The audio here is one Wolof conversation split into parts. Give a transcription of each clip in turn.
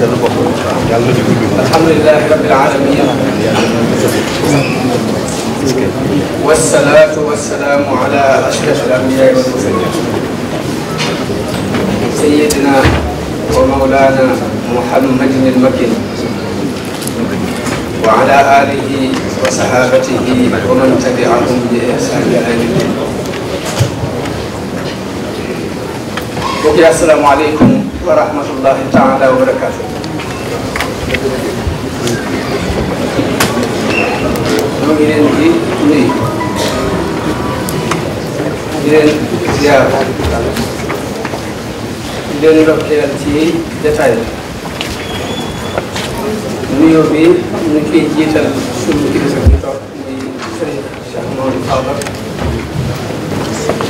dana bokk yàlla na fi gudd. alhamdulilah rabbil alamin. wasalaatu wasalaamu ala ashraf al anbiya wal mursalin. sayyidina wa mawlana muhammadin al makin. wa ala alihi wa sahabatihi wa man tabi'ahum bi ihsan ila yawmi din. mbokk yi asalaamaaleykum. wa rahmatullahi taala wa barakaatu ñoo ngi leen di nuyu di leen ziar di leen ndokkeel ci détail nuyoo bi ñu koy jiital suñu kilifa bi toog muy sëriñ Cheikh Maodo Fawla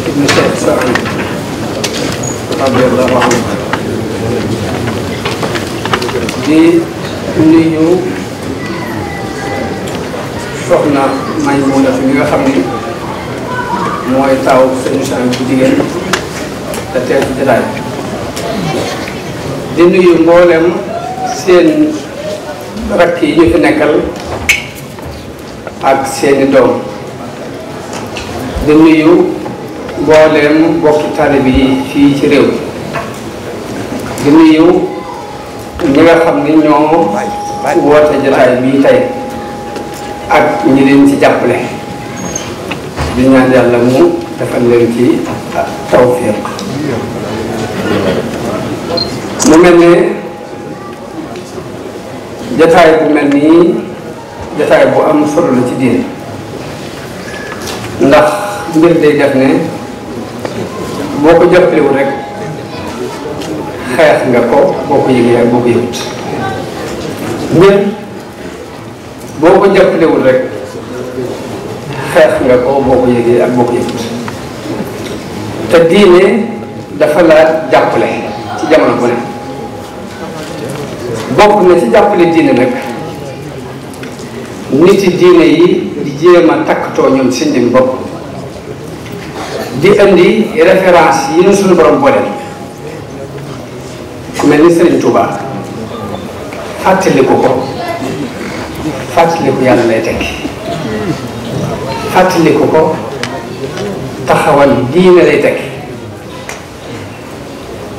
ibnu Cheikh Sohayb radiyallahu anhu di nuyu soxna Maymuna fi nga xam ni mooy taw sëñ Saam bu jigéen te teel ci jotaay seen rakk yi ñu fi nekkal ak seeni doom di nuyu mboolem bokki taalibe yi fii ci réew di nuyu ñi nga xam ne ñoo woote jotaay bii tey ak ñi leen ci jàppale di ñaan yàlla mu defal leen ci tawfiq mu mel ne jotaay bu mel nii jotaay bu am solo la ci diine ndax mbir day def ne boo ko jàppalewul rek xeex nga ko boo ko yëgee ak boo ko yëgut mbir boo ko jàppalewul rek xeex nga ko boo ko yëgee ak boo ko yëgut te diine dafa la jàppale ci jamono bu ne na ci jàppale diine nag nit yi diine yi di jéem a takktoo ñoom seen bopp di indi référence yi ñu suñu borom boole ku mel ni Serigne Touba fàttaliku ko fàttaliku yàlla lay tekki fàttaliku ko taxawal di diine lay tekki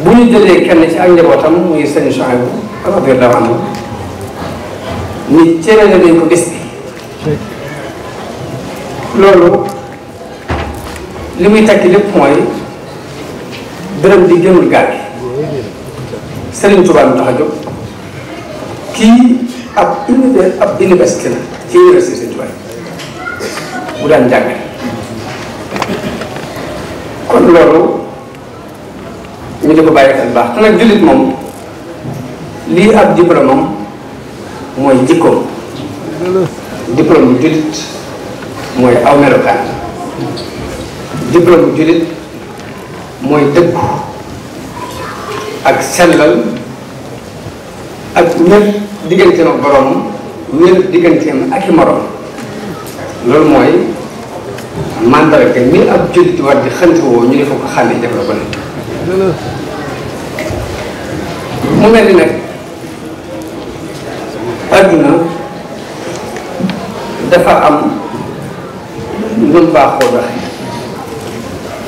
bu ñu jëlee kenn ci ak njabootam muy Serigne Souhaïbou radiyallahu anhu ni cërale nañ ko bis bi loolu li muy tekki lépp mooy dërëm di gënul gaal gi Serigne Touba lu tax a kii ab univers ab université la ci université Serigne Touba daan jàngale kon loolu ñu di ko bàyyi xel nag jullit moom lii ab diplôme am mooy jikkoom diplôme bu jullit mooy aw melokaan diplôme bu jullit mooy dëggu ak sellal ak ñëpp digganteem ak boroomam ñëpp ak i morom mooy mandarga mi ab jullit war di xëntewoo ñu ne foo ko xàmmee def la ko mu mel ni nag adduna dafa am lu baaxoo doxe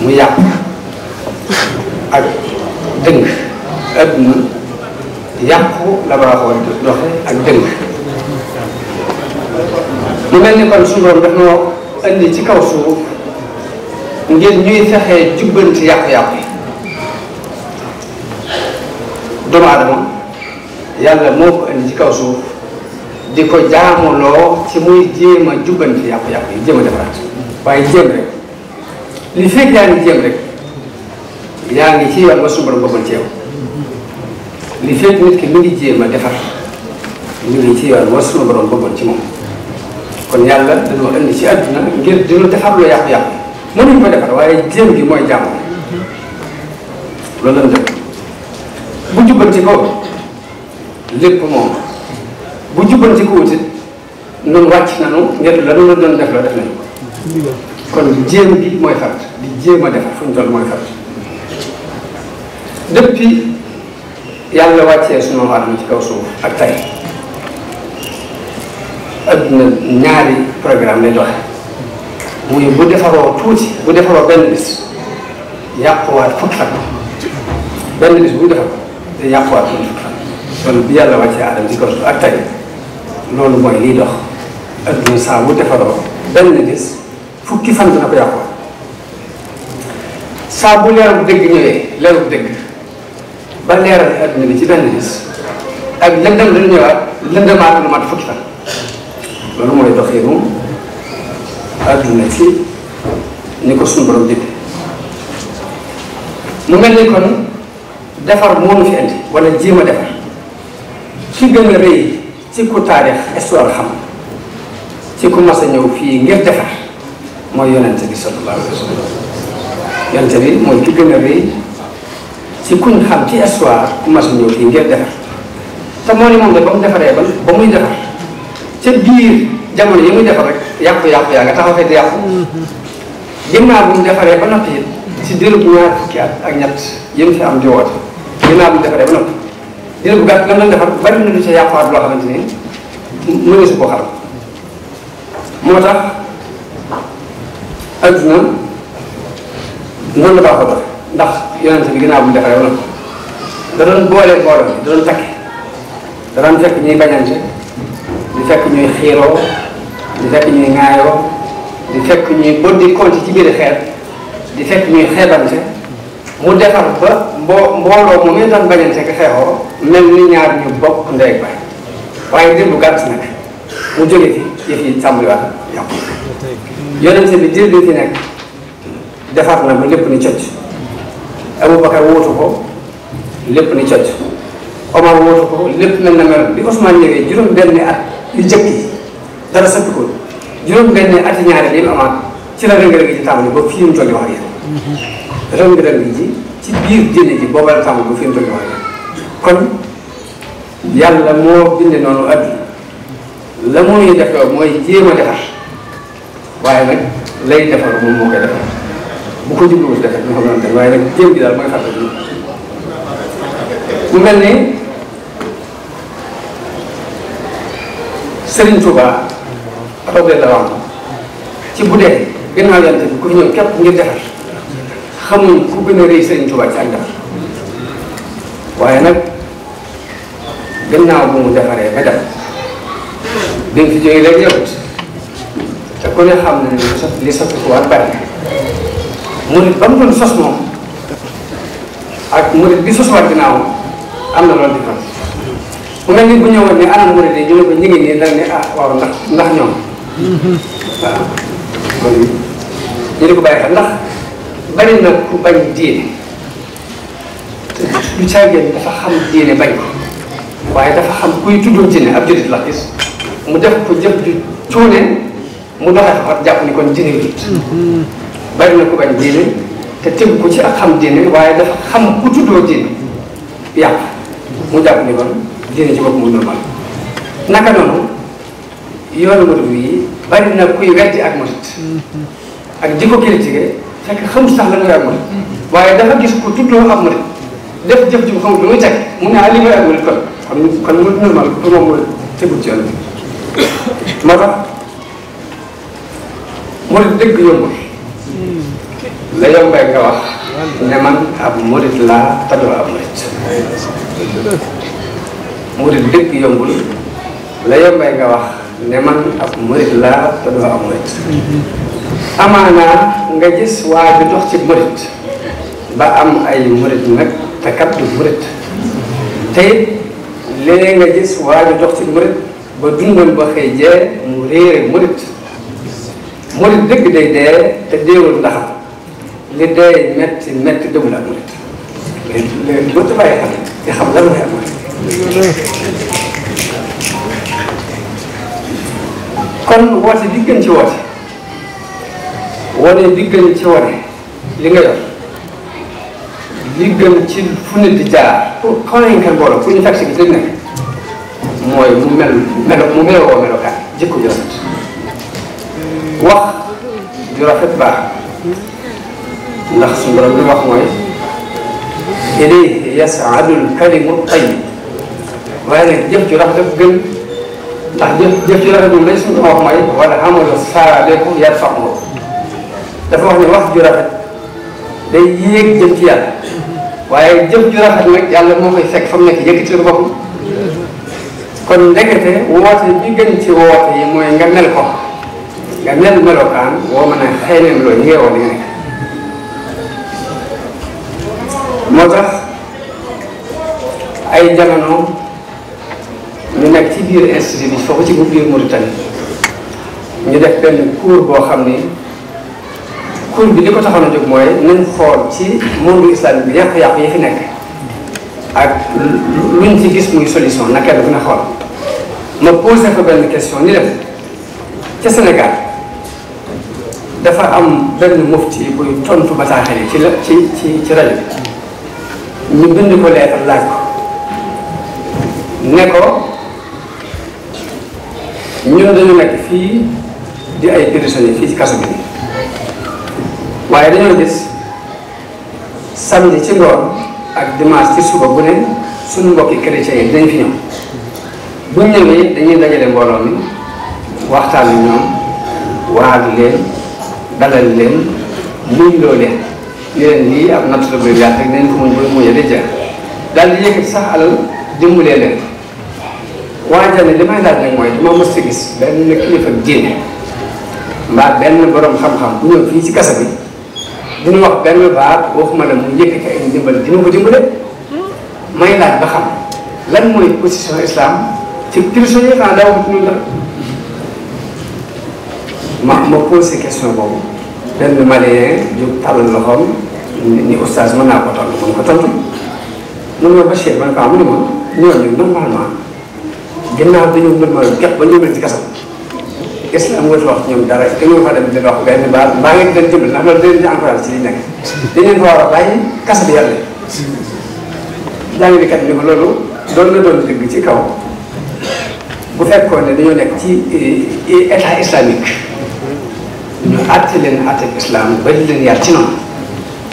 mu yàq adduna yàqu la baaxoon doxe ak dëng mu mel ni kon suñu borom daf noo indi ci kaw suuf ngir ñuy fexee jubbanti yàqu-yàqu yi doomu yàlla moo ko indi ci kaw suuf di ko jaamuloo ci muy jéem a jubbanti yàqu-yàqu yi jéem a defaraat jéem rek li fekk yaa ngi jéem rek yaa ngi ci yoon ba suñu borom bëggoon ci yow li fekk nit ki mi ngi jéem a defar ñu ngi ci yoon war suma borom bëggoon ci moom kon yàlla dañoo indi ci àdduna ngir dina defar lu yàqu-yàqu mënuñ ko defar waaye jéem gi mooy jàmm loolu lañ bu jubbanti ko lépp bu jubbanti ko wutit noonu wàcc la def la nañ ko kon jéem gi mooy fart di jéem a defar fu ñu toll mooy fart depuis yàlla wàccee sunu àdduna ci kaw suuf ak tey adduna ñaari programme lay doxe muy bu defaroo tuuti bu defaroo benn bis yàquwaat fukki fan benn bis bu defar te yàquwaat fukki fan kon bi yàlla wàccee aadama ci kaw suuf ak tey loolu mooy liy dox adduna saa bu defaroo benn bis fukki fan dina ko yàquwaat saa bu leeru dëgg ñëwee leeru dëgg ba leeral adduna bi ci benn bis ak lëndëm lu ñëwaat lëndëmaat lu mat fukki fan loolu mooy doxiinu adduna ci ni ko suñu borom dégg mu mel ni kon defar moo ñu fi indi wala jéem a defar ki gën a rëy ci ku taarix histoire xam ci ku mas a ñëw fii ngir defar mooy yonente bi sallallahu alayhi wa sallam yonente bi mooy ki gën a rëy si kuñ xam ci histoire commencé ñëw fii ngir defar te moo ne moom la ba mu defaree ba ba muy defar ca biir jamono yi muy defar rek yàqu-yàqu yaa nga taxaw fekk yàqu ginnaaw bu mu defaree ba noppi it si diirub ñaar fukki at ak ñett yëm fi am di woote ginnaaw bu mu defaree ba noppi diir bu gàtt lan lan defar bari na lu ci yàquwaat loo xamante ni mu ngi si koo xam moo tax adduna noonu la baaxoo ndax yonent bi ginnaaw bu mu defaree da doon boole mbooloo da doon takk da doon fekk ñuy bañante di fekk ci biir di fekk ñuy xeebante mu defar ba mboo mbooloo mu ngeen doon ñaar ñu bokk ndey ak baay bu gàtt na ba lépp ni cocc Aboubacar wóotu ko lépp ni cocc Omar wóotu lépp mel na meloon bi Ousmane ñëwee juróom benni at yu jëkk yi dara sëpp ko juróom benni at ñaari li amaat ci la rëng-rëng ji tàmbali ba fii mu toll wax rëng-rëng ji ci biir diine ji booba la tàmbali ba fii mu toll wax yéen kon yàlla moo binde noonu adduna la mooy defar mooy jéem a defar waaye nag lay defar moom moo koy defar bu ko jubluwul si defee xam waaye nag jéem gi daal mooy fàttali mu mel ni Serigne Touba radiyallahu anhu ci bu dee gannaaw yàlla bi ku fi ngir defar xamuñ ku gën a rëy Serigne waaye nag gannaaw bu mu defaree ba dem dañ fi jógee léegi yowut te ku ne xam ne li sa li sa tuwaat murit ba mu doon sos moom ak murit bi sos waat ginnaaw am na loolu différence bu mel ni bu ñëwoon ne anam murit yi ñu ne ko ñu ngi nii dañ ne ah waaw ndax ndax ñoom waaw kon ñu di ko bàyyi ndax bari na ku bañ diine te lu caagéen dafa xam diine bañ ko waaye dafa xam kuy tuddoo diine ab jullit la gis mu def ko jëf ju cuune mu doxee ko jàpp ni kon diine jullit bari na ko bañ diine te ko ci ak xam diine waaye dafa xam ku tuddoo diine yàq mu jàpp ni kon diine ci bopp mu yi bari na kuy weddi ak murid ak di ko critiquer fekk xamul sax gis ku tuddoo ak murid def jëf ji bu xamul mu ne ah li nga ak murid kon kon kon mu normal pour moom mooy yoon la yow Mbaye nga wax ne man ab murit laa tadoo ab murit murit dëkk yombul la yow nga wax ne man ab murit laa tadoo ab murit amaana nga gis waa bi dox ci murit ba am ay murit nag te kat du murit te it nga gis waa bi ci murit ba dundam ba xëy jee mu murit murit dëgg day dee te deewul ndax li dee metti metti dëgg la ak murit léegi boo ci bàyyi xel di xam lan mooy ak murit kon woote bi gën ci woote wane bi gën ci wane li nga yor li gën ci fu nit di jaar pour convaincre mbooloo pour ñu fekk si gis li nekk mooy mu mel melo mu meloo melokaan jikko yonent wax ju rafet baax ndax suñu borom li wax mooy ilayhi yasadul kalimu tayyib waaye nag jëf ju rafet gën ndax jëf jëf ju rafet moom lay suñu wax mooy wala amalu saalihu yarfa'uhu dafa wax ne wax ju rafet day yéeg jëm ci yàlla waaye jëf ju rafet nag yàlla moo koy fekk fa mu nekk yëkkati la boppam kon ndekete woote bi gën ci woote yi mooy nga mel ko ganel melokaan woo mën a xeeleen loo yeewoo li nekk moo tax ay jamono ñu nekk ci biir institut bi foofu ci bu biir Mauritanie ñu def benn cours boo xam ni cours bi li ko taxoon a jóg mooy nañ xool ci monde islamique bi yàq-yàq yi fi nekk ak luñ ci gis muy solution na kenn ku ne xool ma posé ko benn question ni def ca Sénégal dafa am benn mufti buy tontu bataaxal yi ci la ci ci ci rajo bi ñu bind ko leetar laaj ko ne ko ñun dañu nekk fii di ay prisonniers fii ci kaso bi waaye dañoo gis samedi ci ngoon ak dimanche ci suba bu ne suñu mbokki chrétiens yi dañ fi ñëw bu ñëwee dañuy dajale mbooloo mi waxtaan ak ñoom waadu leen. dalal leen muñ loo leen yéen lii am natt la bu yàq rek nañ ko muñ ba muñ a daal di sax alal dimbalee leen waajal li may laaj nag mooy dama mës a gis benn kilifa diine mbaa benn borom xam-xam bu bi benn baat waxuma la mu yëkkati ay ndimbal dina ko dimbale may ba xam lan mooy position islam ci kilifa yi xanaa daaw ko dund ma ma posé question boobu. benn malien jóg tàllal loxoom ni oustaz mën naa ko tontu mën ko tontu mun ma Bachir man ko am mu ne ma ñooñu normalement ginnaaw dañoo normal képp ba ñu mel ci islam nga wax ñoom dara dañoo fa dem di wax benn baal mbaa ngeen di leen jëmale ma loolu dinañ di encourage ci li a bàyyi kasa bi yàlla jàngalekat bi ma loolu doon na doon dëgg ci kaw bu fekkoon ne dañoo nekk ci eh, état islamique ñu àtte leen at islam bañ leen yar ci noonu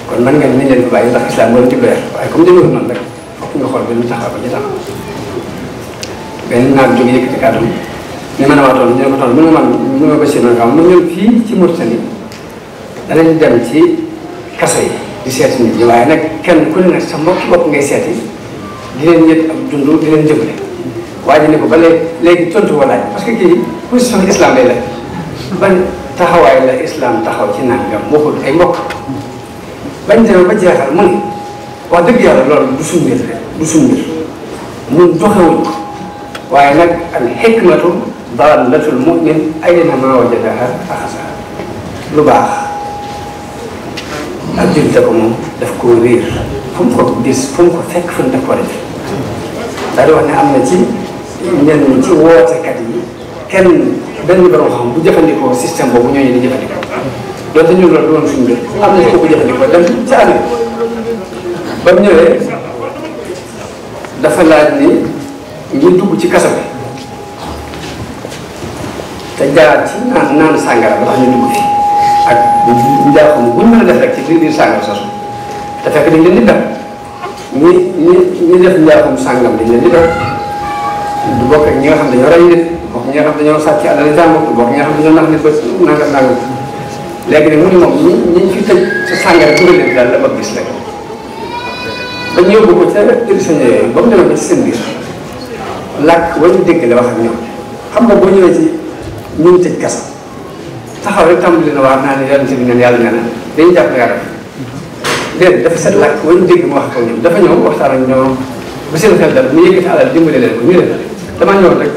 kon mën nga ni leen ko bàyyi ndax islam moo di doyar waaye comme demewul noonu rek fokk nga xool ba ñu taxaw ba ñu taxaw benn naar jóge yëkkati kàddu ni mën a waa tool ñu ne ko tool mën a man a basir mën fii ci Mauritanie danañ dem ci kasa yi di seeti waaye nag kenn ku ne nag sa mbokki bopp ngay seeti di leen ñett ak dund di leen jëmale waaye ne ko ba léegi tontu walaay parce que kii position islam lay ban taxawaay la islam taxaw ci nangam waxul ay mbokk bañ demee ba jeexal mu ne wax dëgg yàlla loolu du suñ mbir du suñ mumin ayna ma wajadaha axasaha lu baax ak jullit ko moom daf koo réer fu mu ko gis fu wax ne am na ci ñenn ci wootekat benn borom xam bu jëfandikoo système boobu ñooñu di jëfandikoo loolu dañu loolu doon suñu gën am li ko bu jëfandikoo dem ci àll ba mu ñëwee dafa laaj ni ngir dugg ci kaso bi te jaar ci naan naan sàngara ba ñu dugg ak bu ñu mën a def rek ci biir biir sàngara soosu te fekk dañ leen di def ñi ñi ñi def du bokk ak ñi nga xam ñi nga xam dañoo sàcc alal yi jàmbur bokk ñi nga xam dañoo nax nit ba nangam nangam léegi nag moom ñi ñi ci tëj sa sàngara dugal leen daal la bëgg gis rek ba ñu yóbbu ko ca émission yooyu ba mu demee ba ci seen biir làkk ba la wax ak ñoom xam nga boo ñëwee ci ñun tëj kasa taxaw rek tàmbali na waar naa ne yonent bi neen yàlla nee na dañuy jàpp nga rek déedéet dafa set làkk ba ñu ko ñoom dafa ñëw waxtaan ak ñoom bu seen xel dal mu yëkkati alal dimbale leen ko ñu leen damaa ñëw rek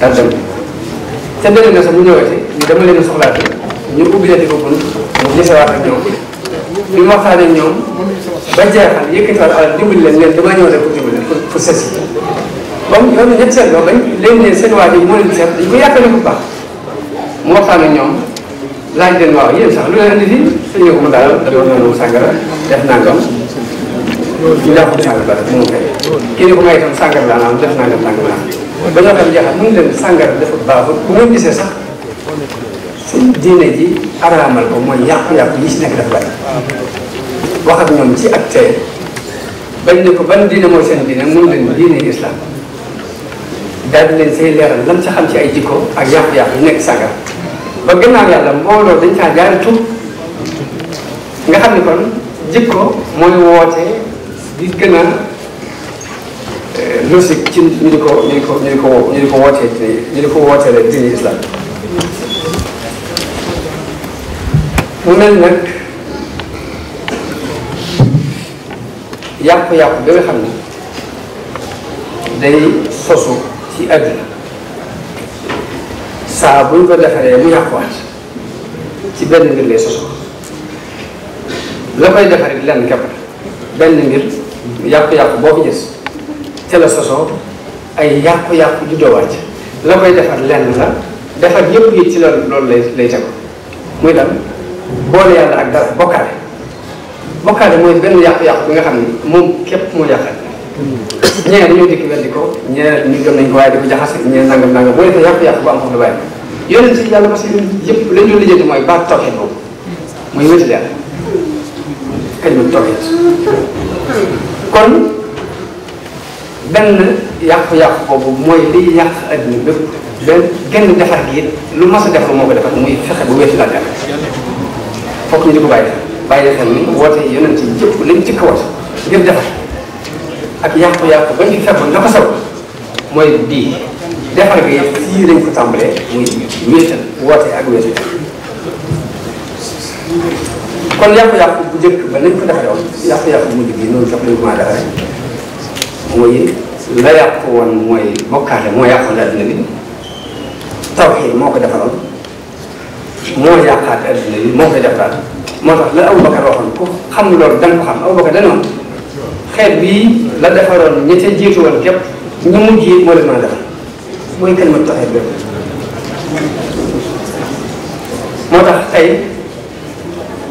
tàggal te benn nga sax bu ñëwatee ñu dama leen a soxlaate ñu ubbi leen di ko bunt mu gisewaat ak ñoom bi ma waxtaan ak ñoom ba jeexal yëkkatiwaat alal dimbali leen leen dama ñëw rek pour dimbali leen pour sës comme loolu ñëpp seetloo bañ leen ne seen waa ji moo leen seet dañ ko yàqale bu baax mu waxtaan ak ñoom laaj leen waaw yéen sax lu leen andi fii sëñ bi mu daal da doon noonu sàngara def nangam ñu jàpp sàngara ba rek mu ngi koy kii ni ko may itam sàngara laa naan def nangam sàngara laa ba ñoo xam jeexal mën leen sàngara dafa baaxul bu ngeen gisee sax suñ diine ji araamal ko mooy yàqu-yàqu yi si nekk dafa bari wax ak ñoom ci ak ko ban diine mooy seen diine mën leen diine islam leen say leeral lan sa xam ci ay jikko ak yàqu-yàqu nekk sàngara ba gannaaw yàlla mbooloo dañ caa jaari tub nga xam ne kon jikko mooy woote di gën a musique ci ñu di ko ñu di ko ñu di ko ñu di ko wootee ci ñu di ko wooteele diine islam mu mel nag yàqu-yàqu bi nga xam ne day sosu ci àddina saa buñ ko defaree mu yàquwaat ci benn mbir lay sosu la koy defaree lenn képp benn mbir yàqu-yàqu boo ko gis ca la sosoo ay yàqu-yàqu juddowaat la koy defar lenn la defar yëpp yi ci loolu loolu lay lay tegu muy lan boole yàlla ak dara bokkaale bokkaale mooy benn yàqu-yàqu bi nga xam ne moom képp moo yàqal ñeneen ñoo dikk weddi ko ñeneen ñu gëm nañ ko waaye di ko jaxase ñeneen nangam nangam boo defee yàqu-yàqu bu am foofu la bàyyi yonent si yàlla parce que yëpp lañ doon lijjanti mooy baat tawxid boobu muy wétal yàlla kañ mu tawxid kon benn yàqu-yàqu boobu mooy liy yàq adduna bépp benn genn defar gi it lu mas a defar moo ko defar muy fexe bu a laa defar fokk ñu di ko bàyyi bàyyi xel ni woote yonent yi yëpp lañ ci kawoot ngir defar ak yàqu-yàqu bañ ci fekkoon na ko saw mooy bii defar gi fii lañ ko tàmbalee muy wéetal woote ak wéetal kon yàqu-yàqu bu njëkk ba nañ ko defaree woon yàqu mu bu mujj bi noonu sax lañ ko mooy la yàq woon mooy bokkaale moo yàqoon adduna bi tawxiid moo ko defaroon moo yàqaat adduna bi moo koy defaraat moo tax la Abu Bakar waxoon ko xam loolu da nga ko xam Abu Bakar danoon xeet la moo a defar mooy kenn mën tawxiid bi moo tax tey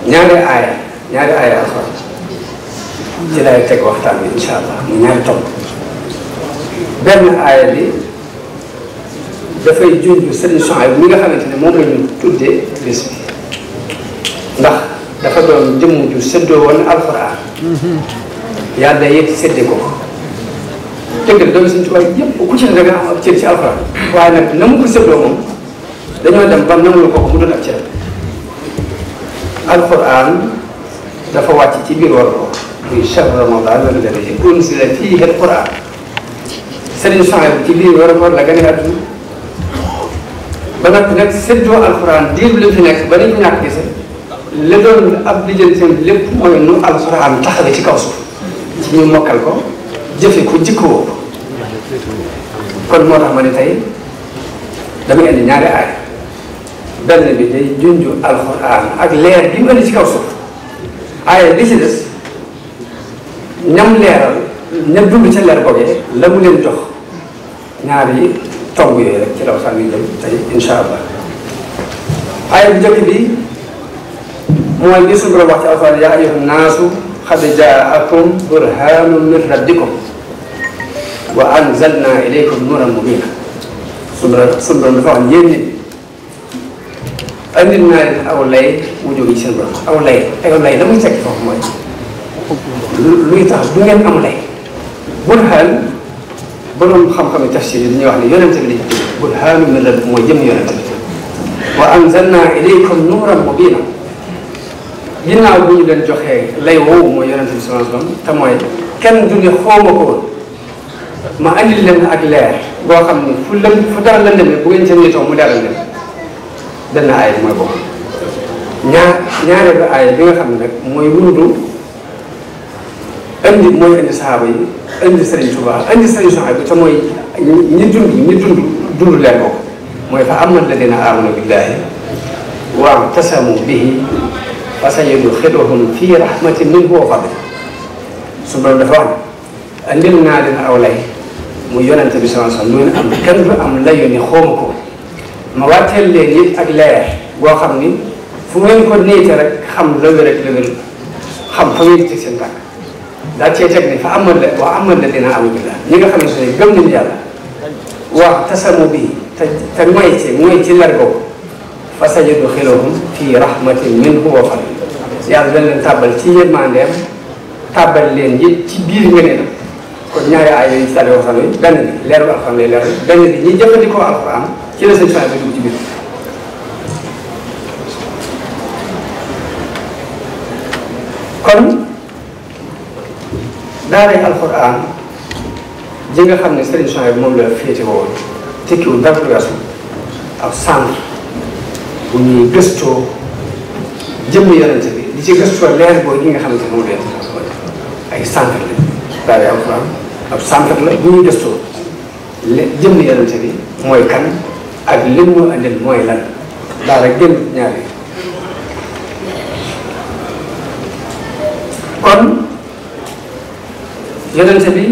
ñaari aaya ñaari aaya alxuraan ci laay teg waxtaan bi incha mu ñaari tomb benn aaya bi dafay junj sëriñ Souhaïbou mi nga xamante ne moom la ñu tuddee bis bi dafa doon jëmm ju séddoo woon alxuraan yàlla yëpp sédde ko dëgg la doomi Sëriñ Tuubaa yëpp ku ci ne da nga am ab cër ci alxuraan waaye nag na mu ko séddoo moom dañoo dem ba nangul ko ko mu doon ab cër alxuraan dafa wàcc ci biir war ko muy chahr ramadan lana dafee unzila fiihi Serigne Souhaïbou ci biir weeru koor la gane àdduna ba noppi nag séddoo alxuraan diir bi la fi nekk ba ni ñu ñàkk gise li doon ab lijjanteem lépp mooy nu alxuraan taxawe ci kaw suuf ci ñu mokkal ko jëfe ko jikkoo ko kon moo tax ma ne tey damay indi ñaari aay benn bi day junju alxuraan ak leer bi mu indi ci kaw aaya bi ci des ñam leeral ña dund ca leer boogee la mu leen jox ñaar yi tomb yooyu rek ci law allah aaya bu njëkk bi mooy li suñu borom wax ci alxuraan yaa ayyuhan naasu qad jaakum burhanun min rabbikum wa anzalna ilaykum nuuran mubiina suñu borom suñu borom dafa wax yéen nit andil naa leen la muy tekki foofu mooy luy tax du ngeen burhaan borom xam-xame tafsir yi dañuy wax ne yonente bi lañ tudd burhaanu min la mooy jëm bi wa anzalnaa ilayka nuuran mubiina ginnaaw bu ñu leen joxee lay woowu mooy yonente bi sallallahu alayhi wasallam te mooy kenn du ne xooma ko ma andil leen ak leer boo xam ne fu lëm fu dara la demee bu ngeen seen nitoo mu leeral leen benn aaya mooy boobu ñaar ñaareelu aaya bi xam ne nag mooy indi mooy indi saxaaba yi indi Serigne Touba indi Serigne Souhaïbou te mooy ñi dund ñi dund dund leen ko mooy fa amal ladina amanu billahi wa tasamu bihi fa sayudxiluhum fi rahmatin minhu wa fadl su borom dafa wax andil naa leen aw lay mu yonente bi sama son loolu am kenn du am layu ni xooma ko ma wàcceel leen it ak leer boo xam ni fu ngeen ko néete rek xam la wér ak la wér xam fa ngeen teg seen tàkk daal cee teg ne fa amoon la waa amoon la dina am bila ñi nga xam ne suñu gëm nañu yàlla wax tasamu bi te te mooy ci mooy ci ler boobu fa sajadu xilahum fii rahmatin minhu wa fadl yàlla leen tàbbal ci yërmandeem tàbbal leen ci biir ngëneel kon ñaari ay yooyu ci tali waxtaan yi benn bi leeru alxuraan lay leeral benn bi ñi jëfandikoo alxuraan ci la sëñ bi dugg ci biir daaray alquran ji nga xam ne Serigne Souhaïbou bi moom la féete woon tekkiwul dara lu weesu ab centre bu ñuy gëstoo jëmm yonent bi di ci gëstoo leer boobu ñi nga xamante ne moom la ay centre la daaray alquran ab centre la bu ñuy gëstoo le jëmm yonent bi mooy kan ak lim mu andil mooy lan daara génn ñaari kon. yonent bi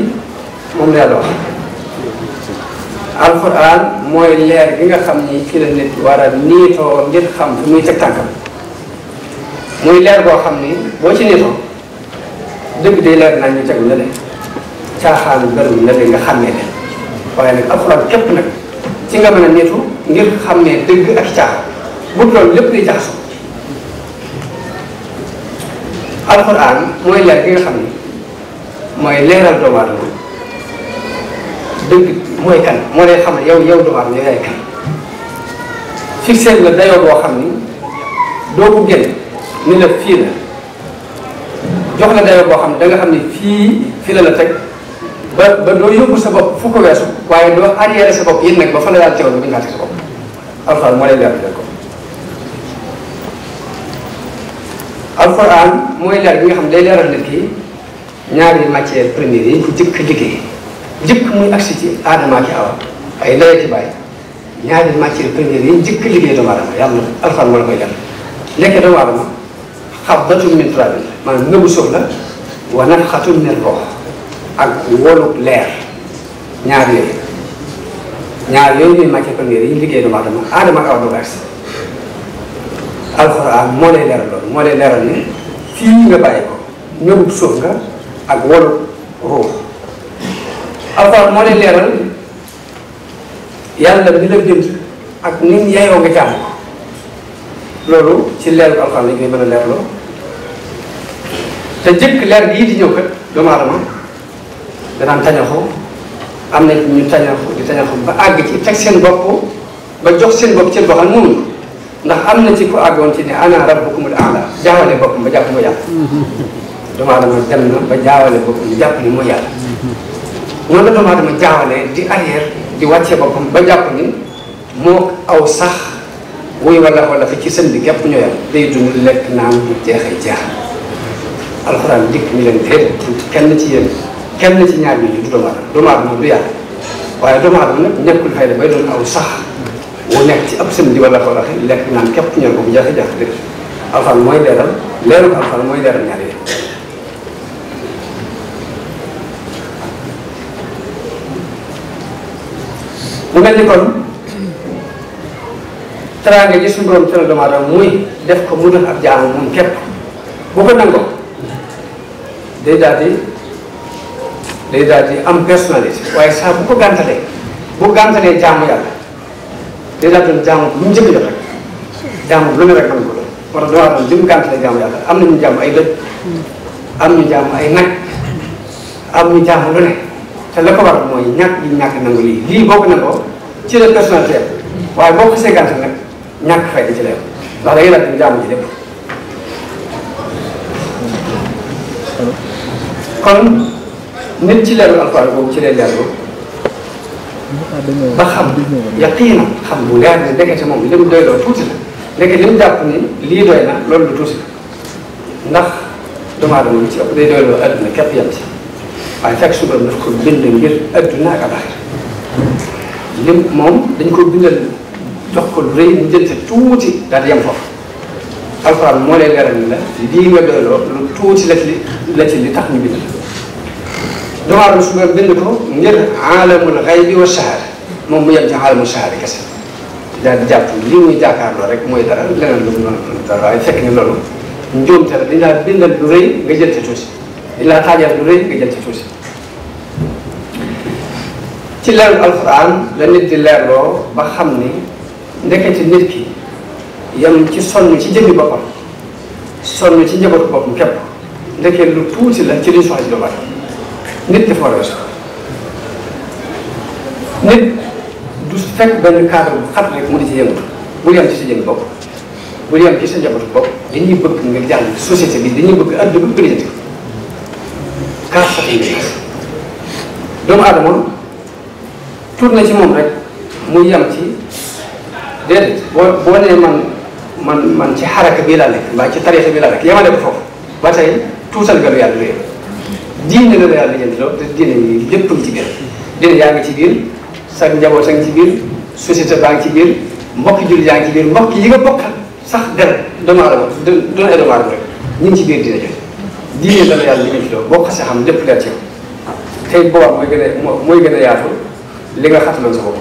moom la yàlla leer gi nga xam ni ci la niitoo ngir xam fi muy teg tànkam muy leer boo xam ni boo ci niitoo dëgg day leer naa ñu tegu na le caaxaanu nga xàmmee leen waaye nag alquran képp nag ci nga mën a niitu ngir xam ne dëgg ak caaxaan bu loolu lépp di jaxasoo alquran mooy leer gi nga xam ni mooy leeral doomu aadama dëgg mooy kan moo lay xamal yow yow doomu aadama yow yaay kan fixé la dayoo boo xam ni doo ko génn ni la fii la jox la dayoo boo xam ne danga xam ni fii fii la la teg ba doo yóbbu sa bopp fu ko weesu waaye doo arrière sa bopp yéen nag ba fa la daal teew ba ñu laa alxuraan moo lay leeral mooy leer bi nga xam ne day leeral nit ki ñaari matière première yi ku jëkk liggéey jëkk muy agsi ci aadama ak ay ndawee bàyyi ñaari matière première yi jëkk liggéey doomu aadama yàlla alxam moo la koy wa nafxatun min ruux ak wolu leer loolu moo lay leeral ne fii nga bàyyi ko suuf nga ak wolu ruux alxuraan moo leen leeral yàlla bi la bind ak nit ñi yaayoo nga jàmm loolu ci leeru alxuraan lañ koy mën a leerloo te jëkk leer bi yii di ñëw kat doomu aadama danaan tañaxu am na ñu tañaxu di tañaxu ba àgg ci teg seen bopp ba jox seen bopp seen boppam moomu ndax am na ci ku àggoon ci ne ana rabbukumul aala jaawale boppam ba jàpp ba jàpp doomu aadama dem na ba jaawale boppam jàpp ni mooy yàlla noonu la doomu aadama jaawale di arrière di wàccee boppam ba jàpp ni moo aw sax wuy wala wala fi ci sën bi képp ñoo yàlla day lekk naan bu jeexee jeex alxuraan dikk ni leen déedéet kenn ci kenn ci ñaar ñi du doomu aadama doomu aadama du yàlla waaye doomu aadama nag aw sax nekk ci ab sën di wala lekk naan képp ñoo ko bu jeexee jeex déedéet alxuraan mooy leeral leeral alxuraan mooy leeral ñaar mu mel ni kon teraanga ji suñu borom tëral doomu aadama muy def ko mu doon ab jaamu moom képp bu ko nangoo day daal di day daal di am personnalité waaye saa bu ko gàntalee bu gàntalee jaamu yàlla day daal doon jaamu bu mu njëkk def rek jaamu lu ne am na doon moo tax doomu am nañu jaamu ay lëj am ñu jaamu ay nag am te la ko war mooy ñàkk gi ñàkk nangu lii lii bokk na ko ci la personnalité waaye boo ko séggante nag ñàkk fayda ci lay ndax day laaj ñu jaamu ci lépp kon nit ci leeru alxuraan boobu ci lay leerlu ba xam yaqiina xam bu leer ne ndekete moom li mu doy loo tuuti la ndekete li mu jàpp ni lii doy na loolu lu tuuti la ndax doomu aadama bi ci ëpp day doy loo àdduna képp yam ci waaye fekk suba daf ko bind ngir ak alaxira lim moom dañ ko bindal jox ko lu rëy mu jënd tuuti daal di yem foofu alxuraan moo lay leeral la lii nga doyloo lu tuuti la ci la ci li tax ñu bind la doomu aadama bind ko ngir aalamul xaybi wa shahada moom mu yem ci aalamul shahada kese daal di jàpp lii muy jàkkaarloo rek mooy dara leneen lu mu dara waaye fekk ni dañ laa bindal lu rëy jël tuuti dañ laa xaajal lu rëy jël tuuti ci leerul alxuraan la nit di loo ba xam ni ci nit ki yam ci sonn ci jëmmi boppam sonn ci njabootu boppam képp ndekee lu tuuti la ci liñ soxla ci doomu aadama nit dafa a weesu nit du fekk benn cadre bu xat rek mu di ci yëngatu bu yem ci sa jëmmi bopp bu yem ci sa njabootu bopp dañuy bëgg nga jàng société bi dañuy bëgg adduna bi bëgg nañu ko. kaas sax doomu aadama na ci moom rek muy yam ci déedéet boo boo nee man man man ci xaraka bii laa nekk mbaa ci tarixa bii laa nekk yemale ko foofu ba tey tuutal nga lu yàlla lu yem diine la la yàlla jënd loolu te ci biir diine yaa ngi ci biir sa njaboot ci biir société baa ngi ci biir mbokki yi nga bokkal sax der doomu aadama doon ay rek ñu ngi ci biir diine jot diine la la yàlla li ñu ci loolu boo xasee xam lépp leer ci yow tey boobaam mooy gën a mooy gën a yaatu li nga xataloon sa bopp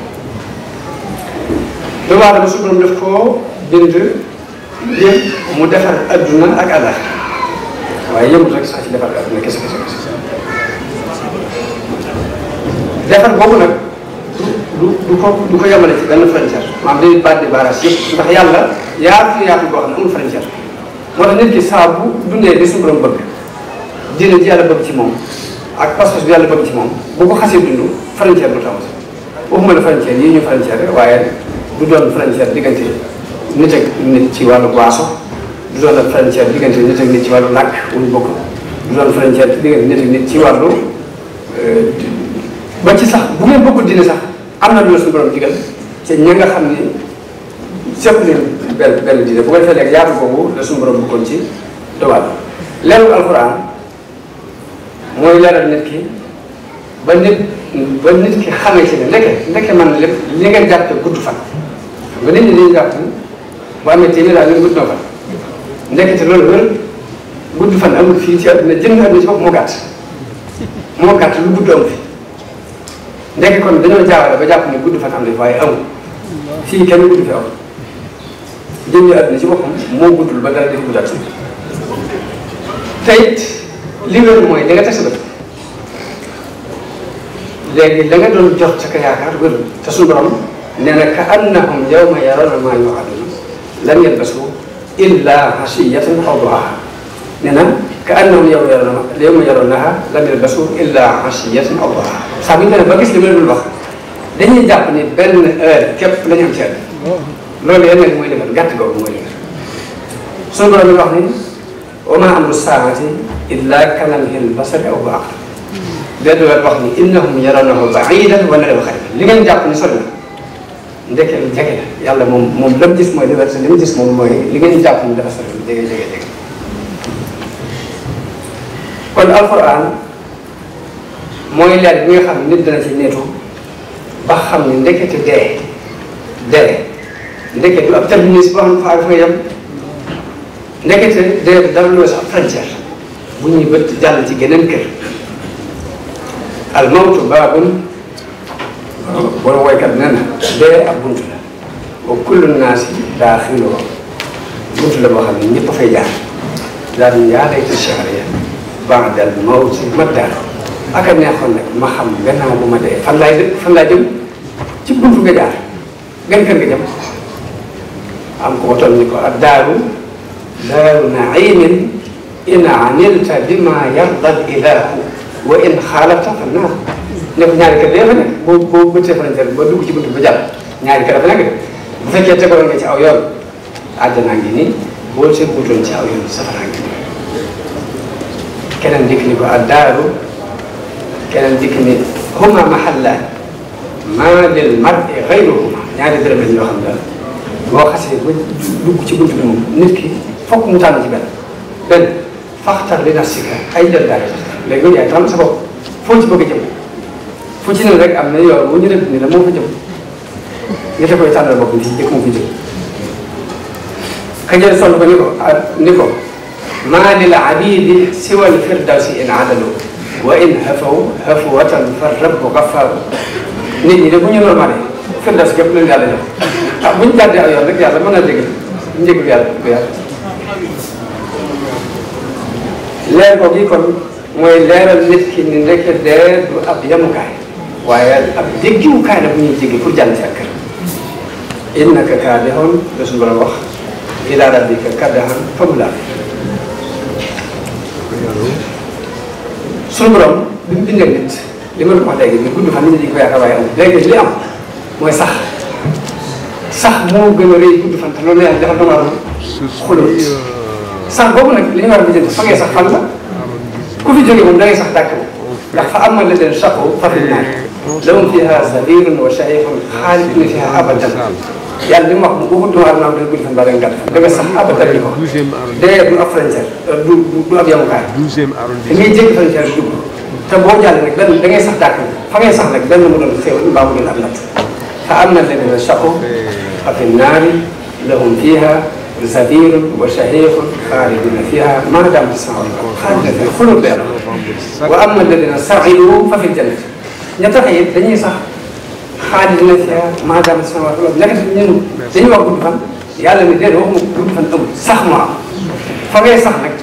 doomu aadama su borom def koo bind yëpp mu defar adduna ak waaye yëmut defar adduna kese kese kese defar boobu nag du du ko du ko yemale ci benn frontière maanaam day baat di baaraas yëpp ndax yàlla yaatu yaatu boo xam ne amul frontière moo tax nit ki saa bu dundee li su borom bëgg diine ji yàlla bëgg ci moom ak pas-pas bi yàlla bëgg ci moom bu ko xasee dund frontière du taw waxuma la frontière yi ñu frontière waaye du doon frontière diggante nit ak nit ci wàllu waaso du doon ak frontière diggante nit ak nit ci wàllu làkk wuñ bokk du doon frontière diggante nit ak nit ci wàllu euh, ba ci sax bu ngeen bokkul dina sax am na loolu suñu borom digal te ña nga xam ni sepp leen benn benn diine bu ko defee léegi yaatu boobu la suñu borom bëggoon ci dogal leerul alxuraan mooy leeral nit ki ba nit ba nit ki xamee ci ne ndeke ndeke man lépp li nga jàppee gudd fan xam nga nit ñi dañuy jàpp bu amee téeméer daal ñu gudd noo fan ndekete loolu loolu gudd fan amul fii ci àdduna jënd àdduna ci bopp moo gàtt moo gàtt lu gudd amul kon dañoo jaawale ba jàpp ne gudd am na waaye amul fii kenn gudd fi amul jënd àdduna ci boppam moo guddul ba dara def gudd àdduna te it li wér mooy da nga tase ba léegi la nga doon jox ca ka yaakaar wérul te suñu borom nee na ka annahum yawma yarawna maa yuu'aduuna lam yalbasu illaa ashiyatan aw duhaahaa nee na ka annahum yawma yarawna yawma yarawnahaa lam yalbasu illaa ashiyatan aw duhaahaa saa bu ñu demee ba gis li ma dul wax dañuy jàpp ni benn heure képp la ñu am ci loolu yéen nag mooy defar gàtt googu mooy defar suñu borom mi wax ni wa maa amru saa'ati illaa kalamhil basari aw huwa aqrab benn weer wax ni innahum yarawnahu ba'idan wa narahu qariban li ngeen jàpp ni sori na ndeke lu jege la yàlla moom moom la mu gis mooy li wér li mu gis moom mooy li ngeen jàpp ni dafa sori lu jege jege jege kon alquran mooy leer bi nga xam ne nit dana ci neetu ba xam ne ndekete dee dee ndekete du ab terminus boo xam ne faa fa yem ndekete dee dara loo sax frontière bu ñuy bët jàll ci geneen kër almawtu baabun wala woykat nee na dee ab bunt la wa kullu naasi daaxiloo bunt la boo xam ne ñëpp fay jaar daal yaa layti shahriya ba'dal mawti ma daar ak a neexoon nag ma xam gannaaw bu ma dee fan laay fan laa jëm ci buntu nga jaar gan kër nga jëm am ko watoon ni ko ak daaru daaru naimin in anilta bima yarda ilahu wa in xaalata fa naa ne ko ñaari kër day fa nekk boo boo bëttee frontière ba dugg ci buntu ba jàll ñaari kër dafa nekk bu fekkee tegoon nga ci aw yoon àjjanaa ngi nii boo tegutoon ci aw yoon safaraa ngi nii keneen dikk ni ko addaaru keneen dikk huma mahallaan maa lil mar'i xayruhuma ñaari dërëm lañ yoo xam ne boo xasee ba dugg ci buntu bi moom nit ki fokk mu tànn ci benn benn li nafsika ay jël daal léegi yow yaay tànn sa bopp foo ci bëgg a jëm fu ci ne rek am na yoon wu ñu def ni la moo fa jëm nit a koy tànnal bopp nii jëkk moo fa jëm kajal sonn ko ni ko ni ko maa lil abidi siwal firdawsi in adalu wa in hafaw hafwatan fa rabbu gaffaaru ñi de bu ñu normale firdaws gépp leen yàlla jox ah bu ñu jàddee ak yoon rek yàlla mën na jégal njégul mooy leeral nit ki ni ndeke dee du ab yemukaay waaye ab jéggiwukaay la bu ñuy jéggi pour jàll sa kër innaka kaadihun da suñu borom wax ilaa rabbika kaadahan fa mulaaq suñu borom bi mu li ma doon wax léegi ni gudd fan nit ñi ko yaakaar waaye am léegi li am mooy sax sax moo gën a rëy gudd fan te loolu yàlla dafa doon xulóot sax boobu nag li ñu war a jënd fa ngay sax fan la ku fi jóge moom da ngay sax dàkk ndax fa amal la leen saqu fa fi naar lahum fiha zafirun wa shahihun xaalidina fiha abadan yàlla li mu wax bu gudd waa naam day gudd fan ba leen gàtt da nga sax abadan li ko dee du ab frontière du du ab yamukaay da ngay jéggi frontière dugg te boo jàll rek benn da ngay sax dàkk fa ngay sax rek benn mu doon xéewal mbaa mu doon am natt fa amal la leen saqu fa fi naari lahum fiha زفير وشهيق خالدين فيها ما دامت السماوات خالدين فيها xulul benn واما الذين سعدوا ففي الجنه ña tax it dañuy sax xaalidina fiha ma daamat samawat wal ard ñun dañuy wax gudd fan yàlla mi déedéet waxuma gudd fan amul sax moo am fa ngay sax nag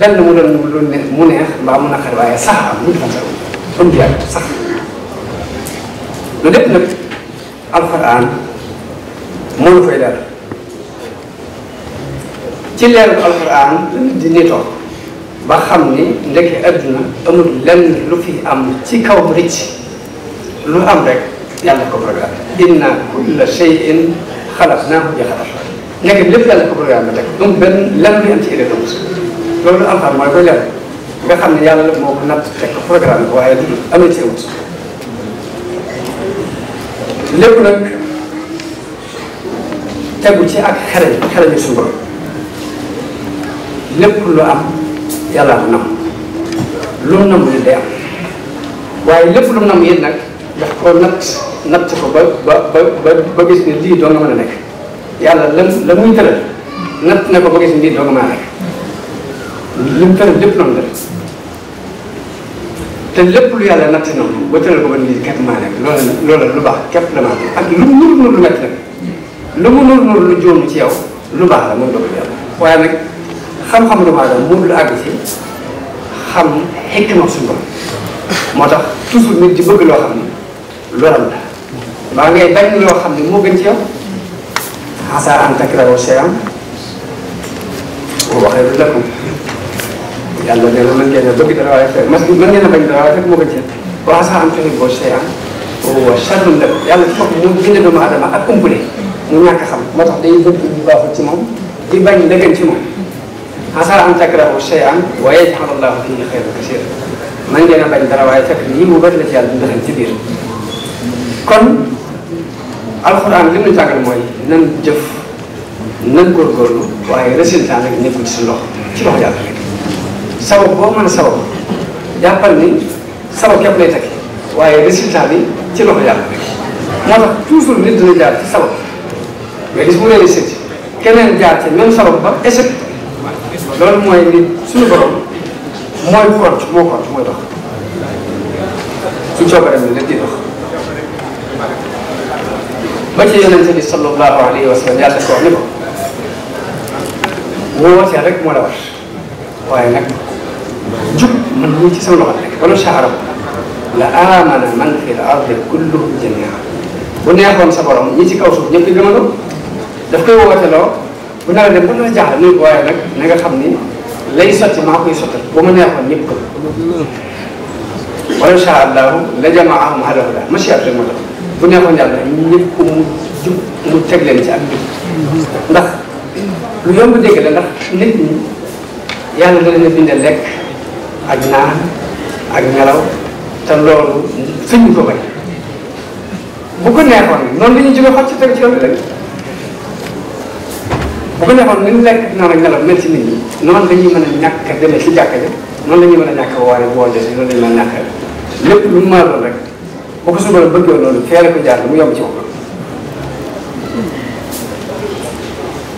benn mu doon lu ne mu neex mbaa mu naqar waaye sax am gudd fan amul amul yàlla sax lu lépp nag alquran moo la fay dara ci leeru alxuraan di nitoo ba ni ndeke lu fi am ci kaw ricc lu am rek yàlla ko programme inna kulla shay'in xalaqnaahu bi xadar ndeke lépp yàlla ko programme rek donc benn lenn luy am ci illéew loolu alxuraan mooy koy leer nga xam ne yàlla la moo ko programme waaye du amee ci awut lépp tegu ci ak xarañ xarañu lépp lu am yàlla ko nam lu mu nam li day am waaye lépp lu mu nam yéen nag daf ko natt natt ko ba ba ba ba gis ne lii doo nga mën a nekk yàlla lan la muy tëral natt na ko ba gis ne lii doo nga mën a nekk li mu tëral lépp noonu la te lépp lu yàlla natt noonu ba tëral ko ba lii képp maa nekk loola loola lu baax képp la maa nekk ak lu mu nur nur lu métti nag lu mu nur nur lu jóom ci yow lu baax la moom dogal yàlla waaye nag xam-xam lu maa doon mënul àgg si xam xikma suñu borom moo tax toujours nit di bëgg loo xam ne loral la maa ngay bañ loo xam ne moo gën ci yow xasaa an takrahu shay'an wa khayrun lakum yàlla nee na mën ngeen a bëgg dara waaye fekk mën ngeen a bañ dara waaye fekk moo gën ci yow wa xasaa ci bopp doomu aadama ak mu ñàkk xam moo tax bëgg ñu baaxul ci moom di bañ dëggan ci moom asaa an takrahu shay'an wa yaj'al allahu fihi xayran kasiran man ngeen a bañ dara waaye fekk lii mu bëri la ci yàlla dundal ci biir kon alxuraan li mu jàngal mooy nan jëf nan góorgóorlu waaye résultat nag nekkul ci suñu loxo ci loxo yàlla rek sabab boo mën a sabab jàppal ni sabab képp lay tekki waaye résultat bi ci loxo yàlla rek moo tax toujours nit dina jaar ci sabab mais gis bu réussite keneen jaar ci même sabab ba échec loolu mooy nit suñu borom mooy kocc moo kocc mooy dox su coobareem la lépp di dox ba ci yonente bi sallallahu alayhi wa sallam yàlla ko wax ni ko wootee rek moo la war waaye nag jub man mii ci sama loxo rek wala saharam la aamana man fi l ardi kulluhum jamii'an bu neexoon sa borom ñi ci kaw suuf ñëpp gëmaloo daf koy wooteloo bu naa de mën na jaaxle nii waaye nag na nga xam ni lay sotti maa koy sottal ba mu neexoon ko. wa insha allahu la jamaahum ala huda macha allah ma tax bu neexoon yàlla ñëpp mu jub mu teg leen ci ak jub ndax lu yomb dégg la ndax nit ñi yàlla da leen a bindee lekk ak naan ak nelaw te loolu fi ñu ko bay bu ko neexoon noonu la ñuy jógee ci teg ci yoon bu ko defoon ni mu lekk naan ak nelaw mel si noonu la ñuy a ñàkk a demee si jàkka ja noonu la ñuy mën a ñàkk a wooree boo jotee noonu lu mu maaloon rek boo ko suba bëggee loolu feere ko jaar mu yomb ci moom.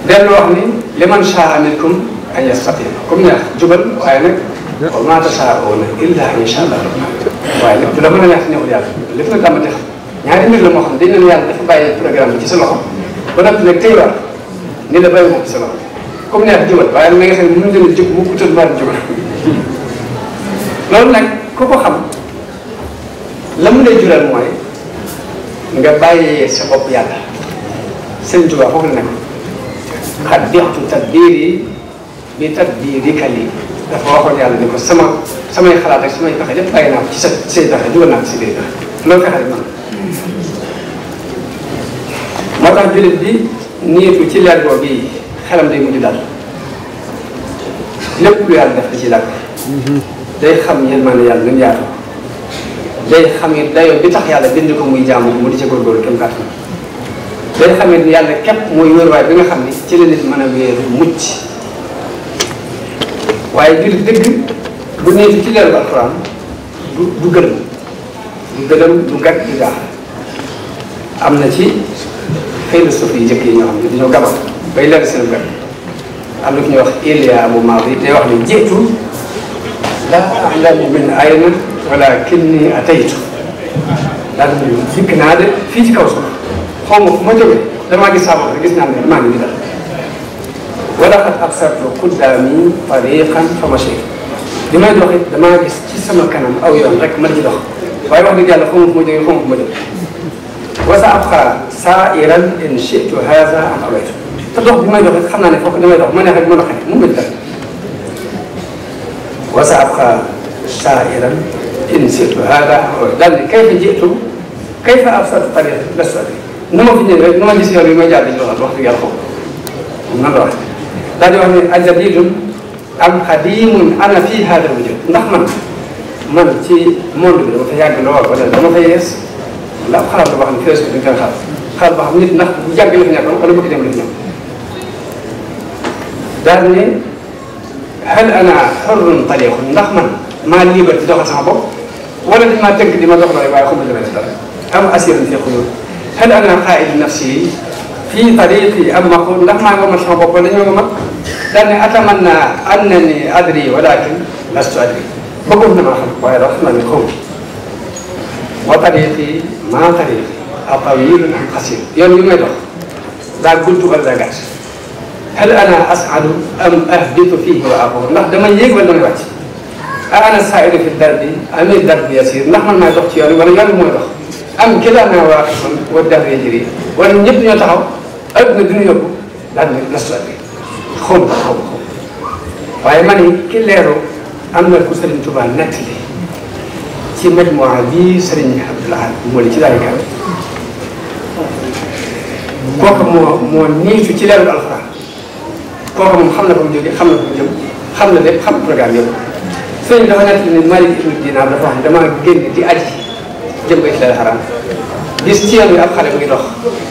dellu wax ni li man saa minkum an yastaqiim comme neex jubal waaye nag wa maa tasaaoona illa an yashaa Allah waaye lépp la mën a ñàkk ñëwul yàlla lépp nag dama def ñaari mbir la moo xam dañ ne yàlla dafa bàyyi programme bi ci sa loxo ba noppi nag tey war ni la bàyyi moom sa bopp comme neex jëmal waaye nag na nga xam ne mënuñu demee jëm mu utal baal jëmal loolu nag ku ko xam la mu lay jural mooy nga bàyyee sa bopp yàlla sëñ Tuba nekk xat dextu tadbiir yi bi tadbiirika lii dafa waxoon yàlla ni ko sama samay xalaat ak samay pexe lépp bàyyi naa ci sa say pexe dugal si biir pexe loolu pexe la man moo tax jullit niitu ci leer boobu yi xelam day mujj daal lépp lu yàlla def da ci làkk day xam yéen maanaam yàlla gën yaatu day xam it dayoo bi tax yàlla bind ko muy jaamu mu di ci góorgóorlu kem kàttan day xam it yàlla képp mooy wéruwaay bi nga xam ni ci la nit mën a wéeru mucc waaye jullit dëgg bu niitu ci leeru alxuraan du du gëlëm du gëlëm du gàtt du gaax am na ci xëy na suuf yi njëkk yi ñoo xam ne dañoo gabal bay am na ku ñuy wax Ilia bu Maadi day wax ne min ayna walakinni ataytu daal di ñëw dikk naa de fii ci kaw suuf xaw ma fu ma gis sama bopp gis naa ne maa ngi wala qad absartu quddaami tariqan fa mashaytu li gis ci sama kanam aw rek ma di dox waaye wax dëgg yàlla xaw ma fu وسأبقى سائرا إن شئت هذا أم أبيت te dox bi may dox rek xam naa ne foofu damay dox ma neex rek ma doxee mu mel dara wa sa abqa sairan in situ hada daal ne kayfa jiitu kayfa absat tariq lasat nu ma fi ñëw rek nu ma gis yoon bi may jaar di doxal wax dëgg yàlla foofu nan la wax daal di wax ne ajadidun am qadimun ana fi hada wujud ndax man man ci monde bi dama fa yàgg lool wala dama fa yees ndax xalaat la boo xam ne fii dañu koy xalaat xalaat boo xam nit ndax bu jàgg la fi nekkoon wala bëgg dem la fi ñëw daal ne hal ana xurrun taliqun ndax man maa liberté doxal sama bopp wala dañ maa tënk di ma dox waaye xamul dama ci dara am asiran fi xulul hal ana qaaidu nafsi fii tariqi am ma ko ndax maa nga mat sama bopp wala ñoo nga mat daal ne atamanna annani adri walakin lastu adri bëggoon na maa xam waaye daal xam naa ne xaw wa tariqi maa tariqi aw tawilun am xasin yoon yu may dox daa gudd wala daa gàtt hal ana asadu am ahbitu fihi wa aqul ndax dama yéeg wala damay wàcc a ana saidu fi darbi ami darbi yasir ndax man maay dox ci yoon wala yoon bi mooy dox am kilaanaa waaqifun wa dahru yajri wala ñëpp ñoo taxaw adduna duñu yóbbu daal di nastu ak xaw ma xaw ma xaw waaye ma ne ki leeru am na ku Sëriñ Tuubaa nett li ci majmuwaa bi Serigne Abdoul Ahad moo li ci daal di kooka moo moo niitu ci leerul alxuraan kooka moom xam na ko mu xam na ko mu xam na lépp xam programme yëpp sëñ bi dafa nekk ni Malik ibnu Dinaar dafa wax ne damaa génn di aji jëm ba ci lal xaram gis ci yoon bi ab xale muy dox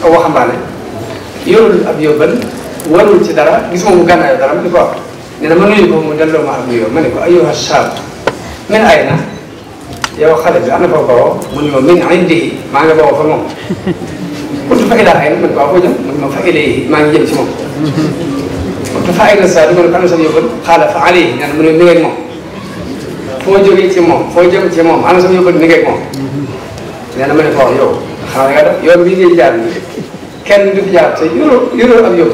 ko waxambaane yorul ab yóbbal ci dara gis moom mu gànnaayo dara mu di ko wax nee na ma nuyu ko mu delloo ma ab nuyoo ma ko ayyuha shaab min ayna yow xale a am na foo bawoo mu ne ma min indi maa ngi bawoo fa moom pour fa ilaa ay man waaw foo jëm mu ne ma maa ngi jëm si moom ay na sa du ma ne ko am sa yóbbal xaala fa alayhi nga ne mu ne mi ngeeg moom foo jógee ci moom foo jëm ci moom am sa yóbbal mi ngeeg moom nee na bii ngay jaar nii kenn du fi jaar te yoroo yoroo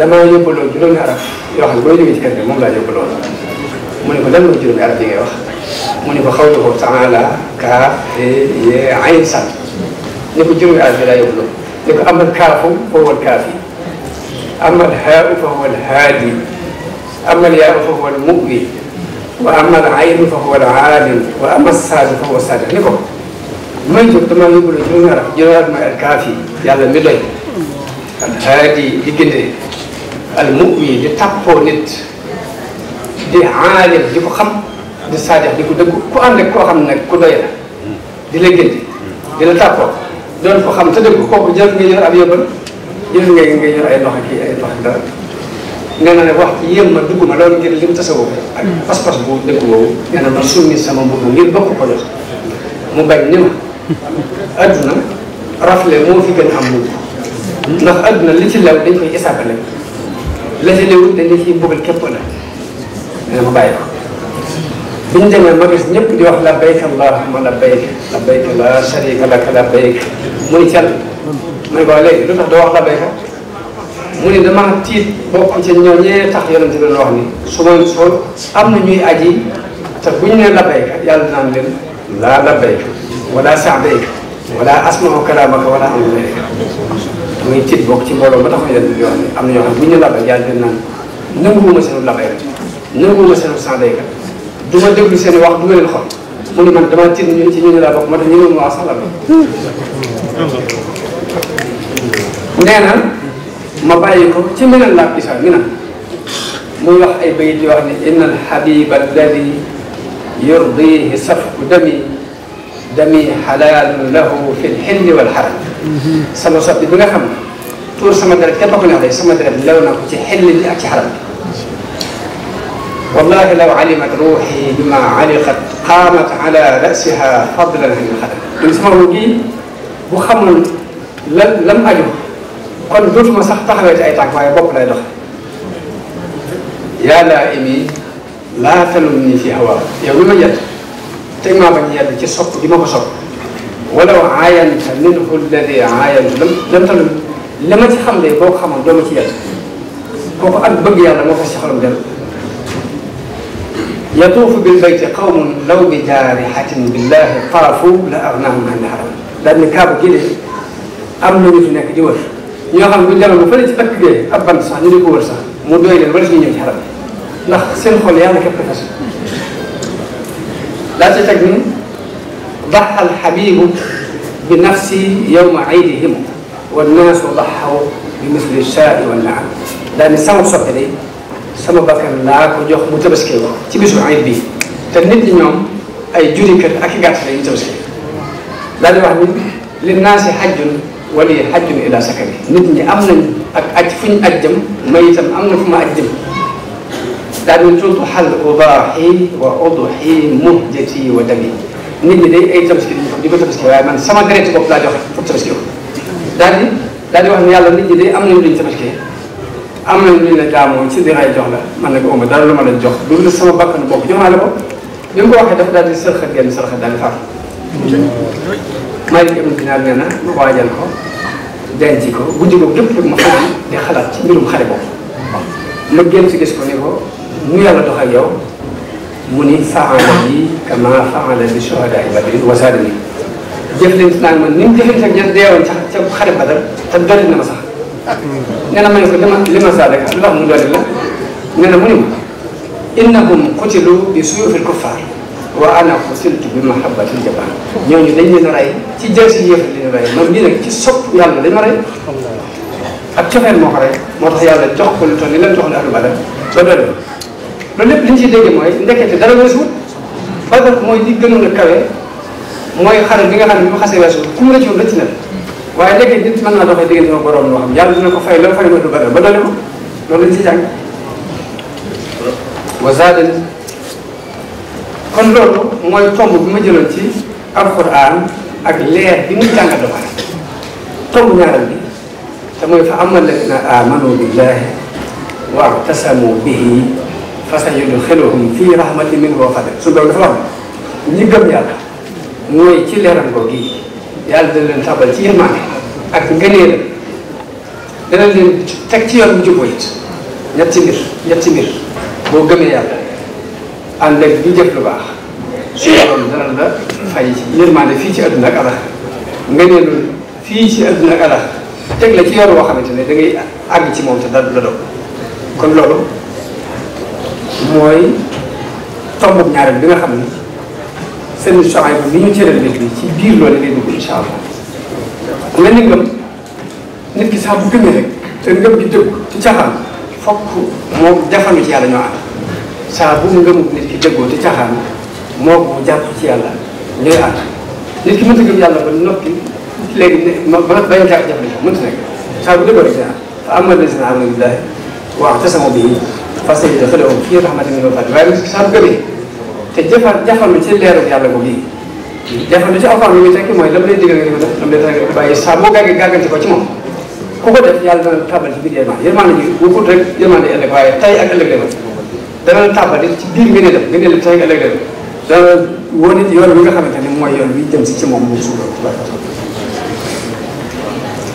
damaa yóbbaloo juróomi araf yoo xam ne boo jógee ci kër ga moom laa yóbbaloo mu ne ko lan mooy juróomi araf yi ngay wax mu ne ko xaw na ko taala kaa e, yee ayin sàll ne ko juróomi araf yi laa yóbbaloo ne ko amal kaafu fa huwa alkaafi amal haau fa huwa alhaadi amal yaau fa huwa almuwi wa amal aynu fa huwa alaalim wa amal saadu fa huwa saadu ne ko man jóg damaa yóbbaloo juróomi araf juróomi araf mooy alkaafi yàlla mi doy alhaadi diggante al mu'min di tàppoo nit di aalim di ko xam di saadix di ko dëgg ku ànd ak koo xam nag ku doy di la gindi di la tàppoo doon ko xam te dëgg kooku jël nga yor ab yóbbal jël nga nga yor ay ndox kii ay ndox dara nga ne wax yéem ma dugg ma loolu ngir lim tasawoo ak pas-pas bu dëgg woowu nga ne ma summi sama mbubb ngir bokk ko jox mu bañ ni ma adduna rafle moo fi gën a am mbubb ndax adduna li ci lew dañ koy isaabale léegi léegi dañ ne fii bëggal képp la dina ko bàyyi ko bi ñu demee ma ñëpp di wax labbayka allahumma labbayk labbayk la sharika laka labbayk mu ni cal mu ne ko léegi lu tax doo wax labbayka mu ni dama tiit bokk ci ñooñee tax yonente bi wax ni su ma soo am na ñuy aji te bu ñu nee labbayka yàlla dinaan leen laa labbayka wala sa'bayka wala asma'u kalaamaka wala amlayka muy tiit bokk ci mbooloo ba tax ñu leen di wax ne am na ñoo xam ne bu ñu labal yaa ngi naan nanguwuma seen labaykat nanguwuma seen sandaykat du ma déglu seen wax du ma leen xool mu ne man damaa tiit ñun ci ñu ne laa bokk ma ne ñu ne ma wax sax labal nee na ma bàyyi ko ci meneen laa isa mi na muy wax ay bayit yoo xam ne inna al habiba alladi yurdihi safku dami dami xalaalu lahu fi lxilli walxaram sama sotti bi nga xam ne tuur sama deret képp ku neex day sama na ko ci xel li ak ci xaram bi wallahi law alimat ruuxi bima aliqat qaamat ala rasiha fadlan an ilxadam donc sama wu bu xamoon lan lam aju kon dootuma sax taxawee ci ay tànk waaye bopp lay dox yaa laa imi laa talum ni fi hawa yow bi ma yedd teg maa bañ yedd ci sopp bi ma ko sopp walaw aayanta minhu alladi aayanta lam lam tamit li ma ci xam de boo ko xamoon doo ma ci yàlla kooku ak bëgg yàlla moo ko si xolam dem yatuufu bil bayti qawmun law bi jaarihatin billahi xaafu la agnaahum an haram daal ni kaaba gi de am na ñu fi nekk di wër ñoo xam ne bu ñu demoon ba fële ci dëkk gee ab bant sax ñu di ko wër sax mu doy leen wala ñu ñëw ci xaram ndax seen xol yàlla képp ko fas daa ci teg ni ضحى الحبيب بنفسي يوم عيدهم والناس ضحوا بمثل الشاء والنعم daal ni sama soppe day sama bakkan laa ko jox mu tabaskee ci bisu ayib bi te nit ñi ñoom ay jurikat ak i gàtt lañu tabaskee daal di wax ni li naasi xajjun wala xajjun ila sakari nit ñi am nañ ak aj fu ñu aj jëm may itam am na fu ma aj jëm daal di tuntu xal ubaaxi wa uduxi muhjati wa dami nit ñi de ay tabaski di ko tabaski waaye man sama deret bopp laa joxe pour tabaski ko daal di daal di wax ne yàlla nit li day am nañu luñ tabaski am nañu luñ la jaamoo ci dinaay jox la man nag oma dara lu ma leen jox loolu la sama bakkan bopp jox naa la ko bi mu ko waxee dafa daal di sërxa genn sërxa daal di faatu Maalik na ma waajal ko denc ko guddi ko képp ma xool di xalaat ci mbirum xale boobu ma génn si gis ko ni ko nu yàlla dox ak yow mu ni faala bi kama faala bi shuhadaa Badrin wa zaadani jëflante naa man ni mu jëflante ak ña deewoon sax ca xare Badar te dolli ne ko dama li ma zaadaka lu tax mu dolli la nee na mu ni ma innahum qutilu bi suyufil kuffar wa ana qutiltu bi mahabbatil jabaan ñooñu dañ leen a rey ci si yëf leen rey man bii nag ci sopp yàlla dañ ma rey ak cofeel moo ko rey moo yàlla jox ko lu toll ni la ak Badar loolu lépp li ñu ciy dégg mooy ndekete dara weesu badar mooy li gënoon a kawe mooy xare bi nga xam ne bi mu xasee weesu ku mu rëccoon rëcc na waaye ndekete nit mën naa doxee diggante ak borom loo xam yàlla dina ko fay loo fay mën du badar ba doole ko loolu lañ wa zaada kon loolu mooy tomb bi ma jëloon ci alquran ak leer bi mu jàng doxal tomb ñaaral bi te mooy fa amal la amanu billahi wa tasamu bihi fasayid xeluhum fii rahmatin minhu wa fadl su dafa wax ñi gëm yàlla mooy ci leeram ko gii yàlla dana leen tabal ci yërmande ak ngëneel dana leen teg ci yoon bu jubóo it ñetti mbir ñetti mbir boo gëmee yàlla ànd ak di jëf lu baax su borom dana la fay ci yërmande fii ci àdduna ak alax ngëneelul fii ci àdduna ak alax teg la ci yoon woo xamante ne da ngay àgg ci moom te dal la doon kon loolu mooy tomb ñaareel bi nga xam ne seen soxay bi ni ñu cëral nit ñi ci biir loolu ngay dugg incha allah nga ni ngëm nit ki sax bu gëmee rek te ngëm gi dëgg ci caaxaan fokk moom jafandu ci yàlla ñoo ànd saa bu ngëmu nit ki dëggoo ci caaxaan moo ko jàpp ci yàlla ñooy ànd nit ki mënta gëm yàlla ba noppi léegi ne ba ba bañ a jàpp jafandu mënta nekk saa bu dëggoo rek te am na des na am na lu waaw te sama bii. fasayida xëlewum fii rahmatin min fat waaye misi san gëmee te jëfal jafandu ci leeru yàlla ko gii jafandu ci alxuraan mi ngi tekki mooy lam lay digal nga di ko def lam lay digal nga bàyyi saa boo gàggee gàggante ko ci moom ku ko def yàlla dana tàbbal ci biir yërmande yërmande ji wukut rek yërmande ëllëg waaye tey ak ëllëg lema dana tàbbal ci biir ngë ne def ngë nee tey ak ëllëg lema dana woo nit yoon wi nga xamante ni mooy yoon wi jëm si ci moom mu suulo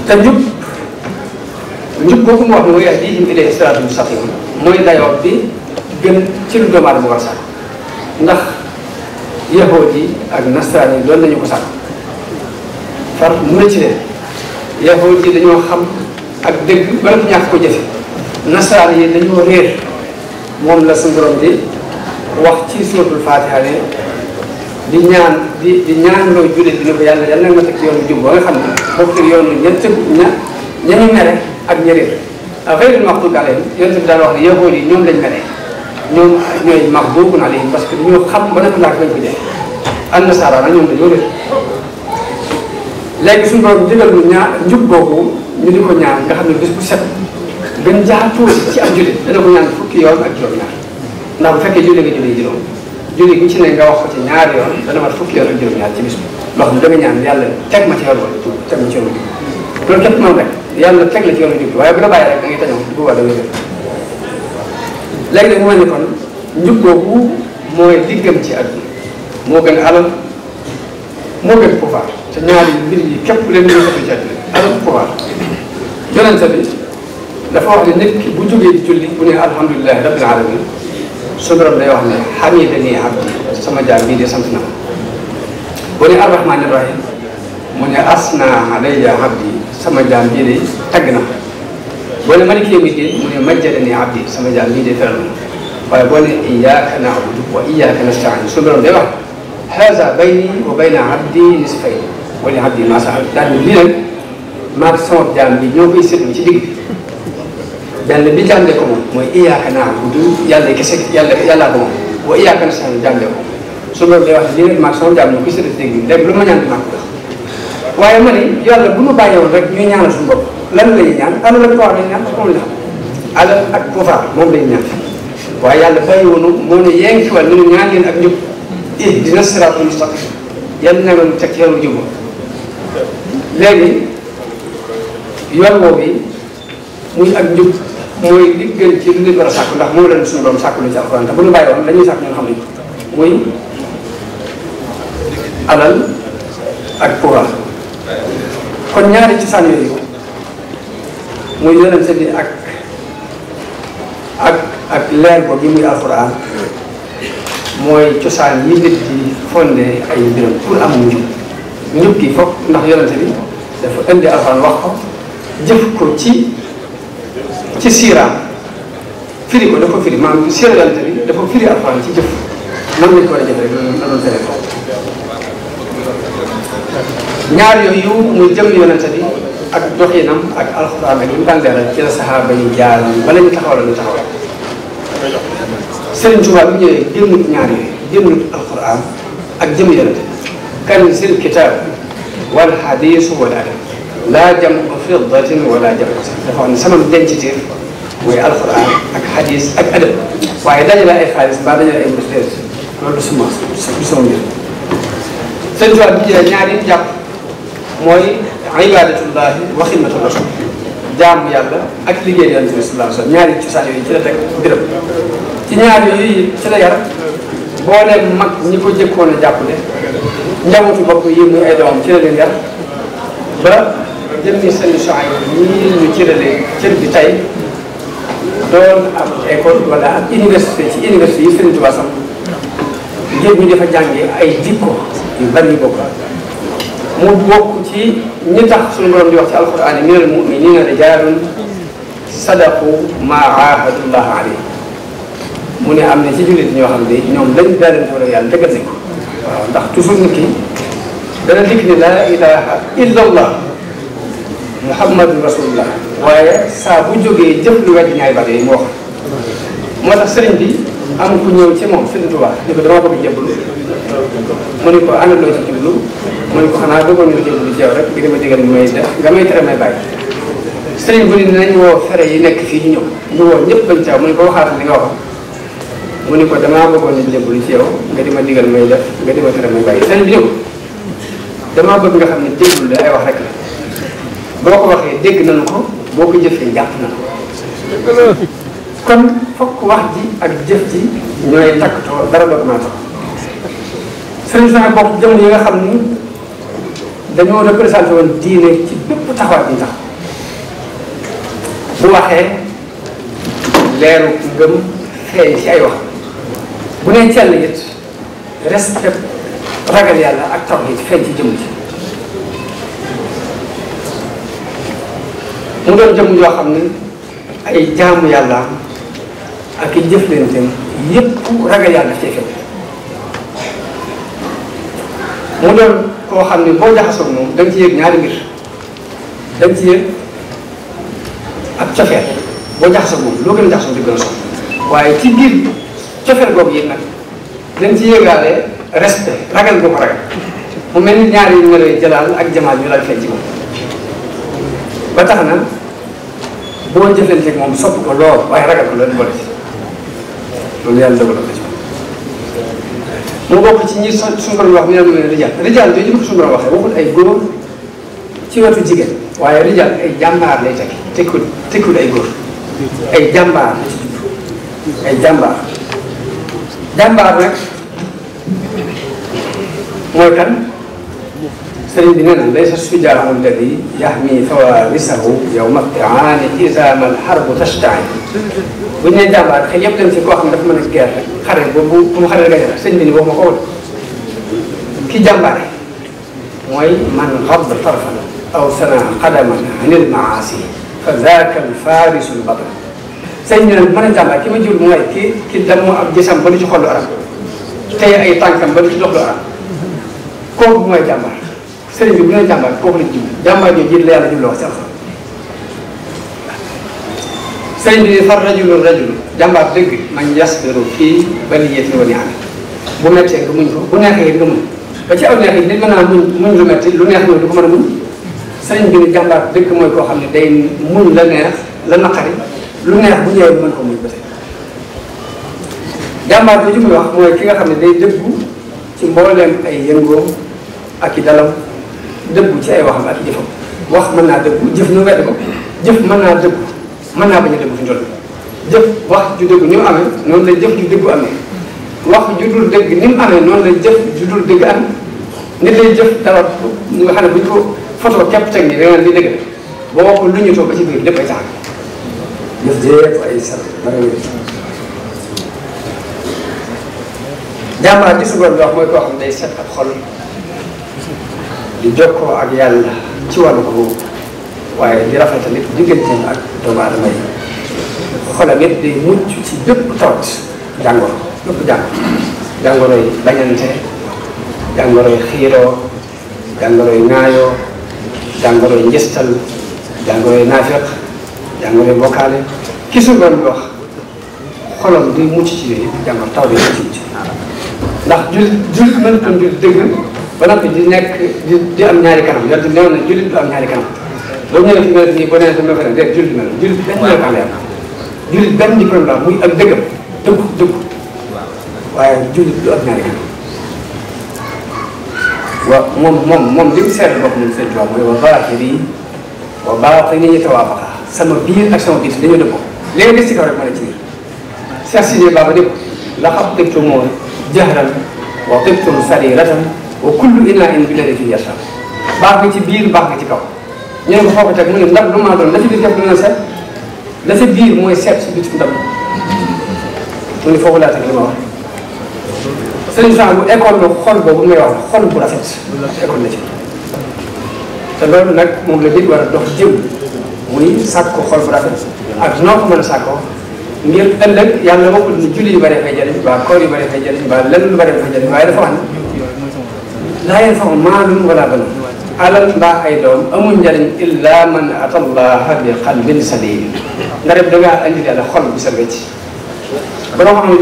te njub njub boobu mu wax mooy ahdihim ilayhi siraatal mustaqim mooy dayoo bi gën ci lu doomu aadama war a ndax yahood ji ak nasaraan yi doon nañu ko sàkk far mu ne ci leen yahood yi dañoo xam ak dëgg ba nga ñàkk ko jëfe nasaraan yi dañoo réer moom la suñu borom di wax ci suuratul Faatiha ne di ñaan di di ñaan loo jullit bi yàlla yàlla na nga teg ci yoonu jub ba nga xam ne bokk yoonu ña tëgg ña ña ak ña xëy na maxduub alayhim yi ñoom lañ meree ñoom ñooy maxduubun alayhim parce que ñoo xam ba naka laaj lañ ko jëlee an nasaara nag ñoom dañoo def ñu ñaar njub boobu di ko ñaan nga xam ne bés bu set gën jaar tuuti ci ab jullit dana ko ñaan yoon ak juróom-ñaar ndax bu fekkee julli nga julli juróom ci ne wax ko ci yoon dana mat fukki yoon ak juróom-ñaar ci bis bi loo ñaan yàlla teg ma ma ci yoon loolu képp noonu rek yàlla teg la ci yoonu jub waaye bu la bàyyi rek da ngay tañam bu boobaa da ngay léegi kon njub mooy li ci àdduna moo gën alal moo gën pouvoir te ñaari mbir yi képp leen ñoo soxla ci àdduna alal pouvoir yonente bi dafa wax ne nit bu jógee di julli bu ne alhamdulilahi rabbil alamin suñu borom day wax ne hamidani abdi sama jaam bii bu ne arrahmani rahim mu ne asna alayya abdi sama jaam bii de tagg na boo ne maliki yawmi diin mu ne majjadani abdi sama jaam bii de teral na waaye boo ne iyyaka na'budu wa iyyaka nasta'in suñu borom day wax haza bayni wa bayna abdi nisfayn wa li abdi ma sa'a daal ni lii nag maag sama jaam bi ñoo koy seetlu ci digg benn bi jaam de ko moom mooy iyyaka na'budu yàlla kese yàlla yàllaa ko moom wa iyyaka nasta'in jaam de ko suñu borom day wax lii nag maag sama jaam ñoo koy seetlu ci digg léegi lu ma ñaan maa ko waaye ma ne yàlla bu ñu bàyyiwoon rek ñuy ñaanal suñu bopp lan lay ñaan alal ak pouvoir lañ moom la alal ak pouvoir moom lañ ñaan waaye yàlla bàyyiwoonu moo ne yee ngi ci ñu ne ñaan leen ak ñëpp ihdina siraatal mustaqim yàlla na leen teg yoonu jub léegi yoon boobu muy ak njub mooy li gën ci li ñu war a sàkk ndax moo leen suñu doom sàkk lu ci alxuraan te bu ñu bàyyiwoon la ñuy sàkk ñun xam nañ muy alal ak pouvoir kon ñaari ci sànni yooyu muy yonent bi ak ak ak leer ko muy alxuraan mooy cosaan yi nit di fondé ay mbiram pour ndax yonent bi dafa indi alxuraan wax ko jëf ko ci ci siiraam firi ko dafa firi maanaam siira yonent bi dafa firi alxuraan ci jëf noonu lañ war a jëf rek loolu noonu tere ko ñaar yooyu muy jëm yonente bi ak doxinam ak alxuraan ak li mu daan leeral ci la saxaaba yi jaar bala ñu taxaw la ñu taxaw Sëriñ Tuubaa bu ñëwee jëmut ñaar yooyu jëmut alxuraan ak jëm yonente bi kan sil kitaab wal xadiis wal adab laa jam ko fiddatin wala jam ko sax dafa ne sama denc tiir mooy alxuraan ak xadiis ak adab waaye dajale ay xaalis mbaa dajale ay mbir loolu suma sama mbir Sëriñ Tuubaa bu ñëwee ñaar yi jàpp mooy ibaadatullaahi wa xidmatu rasul jaamu yàlla ak liggéey yonent bi sallallahu alayhi wa sallam ñaari cosaan yooyu ci la teg mbiram ci ñaar yooyu ci la yar boo leen mag ñi ko jëkkoon a jàppale njabootu bopp yi muy ay doomam ci la leen yar ba jëmmi seen soxna yi ñu cëralee cër bi tey doon ab école wala ab université ci université yi Sëriñ Tuubaa sax ñu dafa jàngee ay jikko yu bari yu bokk mu bokk ci ñi tax suñu borom di wax ci alquran min al muminina rijalun sadaqu ma ahadullah alayhi mu ne am na ci jullit ñoo xam ne ñoom lañ daalantoo ak yàlla dëggal nañ ko waaw ndax toujours nit ki dana dikk ni laa ilaha illa allah muhammadun rasulullah waaye saa bu jógee jëf lu wedd ñaari baat yi mu wax moo tax sëriñ bi am ku ñëw ci moom sëriñ Tuubaa ni ko dama bëgg jébbalu mu ne ko ana loo ci jublu mu ne ko xanaa bëggoon nga jël ci yow rek li ma digal mooy def nga may tere may bàyyi sëriñ bu ne nañ fere yi nekk fii ñu ñëw ñu woo ñëpp bañ caaw mu ko waxaat li nga wax mu ne ko damaa bëggoon nga jël ci yow nga di ma digal may def nga di ma tere may bàyyi sëriñ bi ñëw damaa bëgg nga xam ne déggul la ay wax rek la boo ko waxee dégg nañ ko boo ko jëfee jàpp nañu ko kon fokk wax ji ak jëf ji ñooy takkatoo dara dootu maa tax sëriñ sax bokk jëm yi nga xam ni dañoo représenté woon diine ci bépp taxawaay bi ñu tax bu waxee leeru ngëm ci ay wax bu nee cell it respect ragal yàlla ak tawhid feeñ ci jëmm ji mu doon jëmm yoo xam ne ay jaamu yàlla ak i jëflanteem yépp ragal yàlla cee feeñ mu doon koo xam ne boo jaxasoog moom da nga ci yëg ñaari mbir da nga ci ak cofeel boo jaxasoog moom loo gën a jaxasoog di gën a soog waaye ci biir cofeel googu yi ci yëgaale respect ragal boo ko ragal mu mel ñaari melo yi jalaal ak jamaal ñu lay feeñ ci moom ba tax na boo jëflanteeg moom sopp ko waaye ragal ko loolu boole mu bokk ci ñi suñu borom wax mi naan leen rijal rijal yooyu ñu ko suñu borom waxee waxul ay góor ci wetu jigéen waaye rijal ay jàmbaar lay teg tekkul tekkul ay góor ay jàmbaar ay jàmbaar jàmbaar nag mooy kan. sëriñ bi nee na laysa sijaahu alladi yaxmi fawaabisahu yawma tiaani isa mal xarbu tashtaai bu ñu nee jàmbaar xëy yëpp dem si koo xam dafa mën a geer rek xare boobu bu mu xare gañe sëñ bi ni waxuma ko ki jàmbaare mooy man xadda tarfan aw sana qadaman anil maasi fa zaaka al faarisu al batal sëñ bi nag mën a jàmbaar ki ma jiwul mooy ki ki damm ak gisam ba du ci xollu arab tey ay tànkam ba du ci dox lu arab kooku mooy jàmbaar sëriñ bi bu ñu la jàmbaar kooku lañ jublu jàmbaar jooju jiit la yàlla jubloo bi far rajulun rajulun jàmbaar dëgg man yasbiru fii ba liggéey fi wala ñaar bu méttee nga bu neexee nga neex yi nit mën naa muñ lu métti lu neex ñoom du ko mën a muñ sëriñ bi ne jàmbaar dëgg mooy koo xam ne day muñ la neex la naqari lu neex bu ñëwee mën ko muñ ba tey jàmbaar bi li wax mooy ki nga xam ne day dëggu ci mbooleem ay yëngoom ak i dalam. dëggu ci ay waxam ak jëfam wax mën naa dëggu jëf ñu wedd ko jëf mën naa dëggu mën naa bañ a dëggu fi toll jëf wax ju dëggu la jëf ju wax ju dul dëgg ni mu amee noonu la jëf ju dul dëgg am nit lay jëf dara ñu bu ñu ko photo képp teg ni danga li dëgg la boo ko lu ñu toog ba ci biir lépp ay taxaw jëf jépp ay sal baraw di su goon wax mooy koo xam day set ak xol di jokkoo ak yàlla ci wàllu ko waaye di rafetal it digganteem ak doomu aadama yi xolam it day mucc ci bépp tawat jàngoro bépp jàngoro jàngoro yi bañante jàngoro yi xiiroo jàngoro yi yi njëstal jàngoro yi naafeq jàngoro yi bokkaale ki su doon wax xolam day mucc ci yooyu jàngoro taw bi mucc ndax jullit jullit ba noppi di nekk di di am ñaari kanam yàlla néew na jullit du am ñaari kanam loolu ñu ne fi mel nii boo nee sa mbéy mi rek jullit mel jullit benn melokaan la am jullit benn diplôme la am muy ak dëggam dëggu dëggu waaye jullit du am ñaari kanam wa moom moom moom li mu seetlu bopp moom seen tubaab mooy wa baatini wa baatini tawaafaqa sama biir ak sama biir dañoo dëppoo léegi des ci kaw rek mën a ci biir Cheikh Sidiye Baba dëpp la xam dëgg moom jahran wa tibtum sariratan wa kullu inaain bi ladayhi yasar baax nga ci biir baax nga ci kaw ñu ne ko foofu teg mu ne ndab lu maa doon la ci biir def lu ne set la sa mooy seet si bitim ndab mu ne foofu laa teg ma wax sëñ Jean bu école la xol boobu may wax xol bu rafet école la ci te loolu nag moom la nit war a dox jëm muy sàkk ko xol bu rafet ak noo ko mën a sàkkoo ngir ëllëg yàlla waxul nu julli yu bare fay jëriñ ba koor yu bare fay jëriñ ba lenn lu bare fay jëriñ waaye dafa wax ne laa yanfau maalun wala banuun alal mbaa ay doom amul njariñ illa man ata allaha bi qalbin salim nga def da ngaa xol bu set wecc borom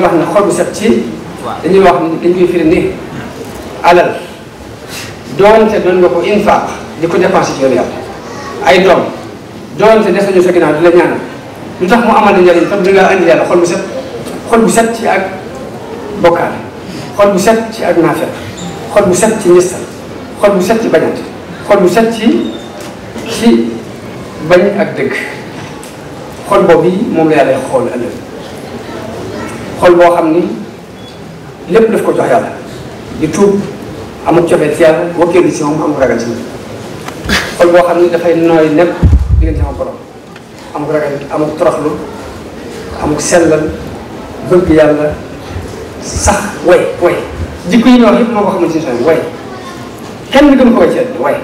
xam ni alal doonte doon ko infaq di ko dépensé ci yoonu yàlla ay doom doonte des nañu sa ginnaaw di la ñaanal lu tax mu amal njariñ tam da ngaa andi xol bu set xol ak bokkaale xol bu set ci ak naafeq xol mu set ci ñistal xol bu set ci bañante xol bu set ci ci bañ ak dëgg xol boobu yi moom la yàlla xool ëllëg xol boo xam ni lépp daf ko jox yàlla di tuub amul cofeet ci yàlla wakkeelu ci moom ragal ci moom xol boo xam ni dafay nooy nepp diggante sama borom amul ragal amul toroxlu amul sellal bëgg sax way way jikko yi ñu wax yëpp moo ko xamal si sooy way kenn gën ko way ci àdduna way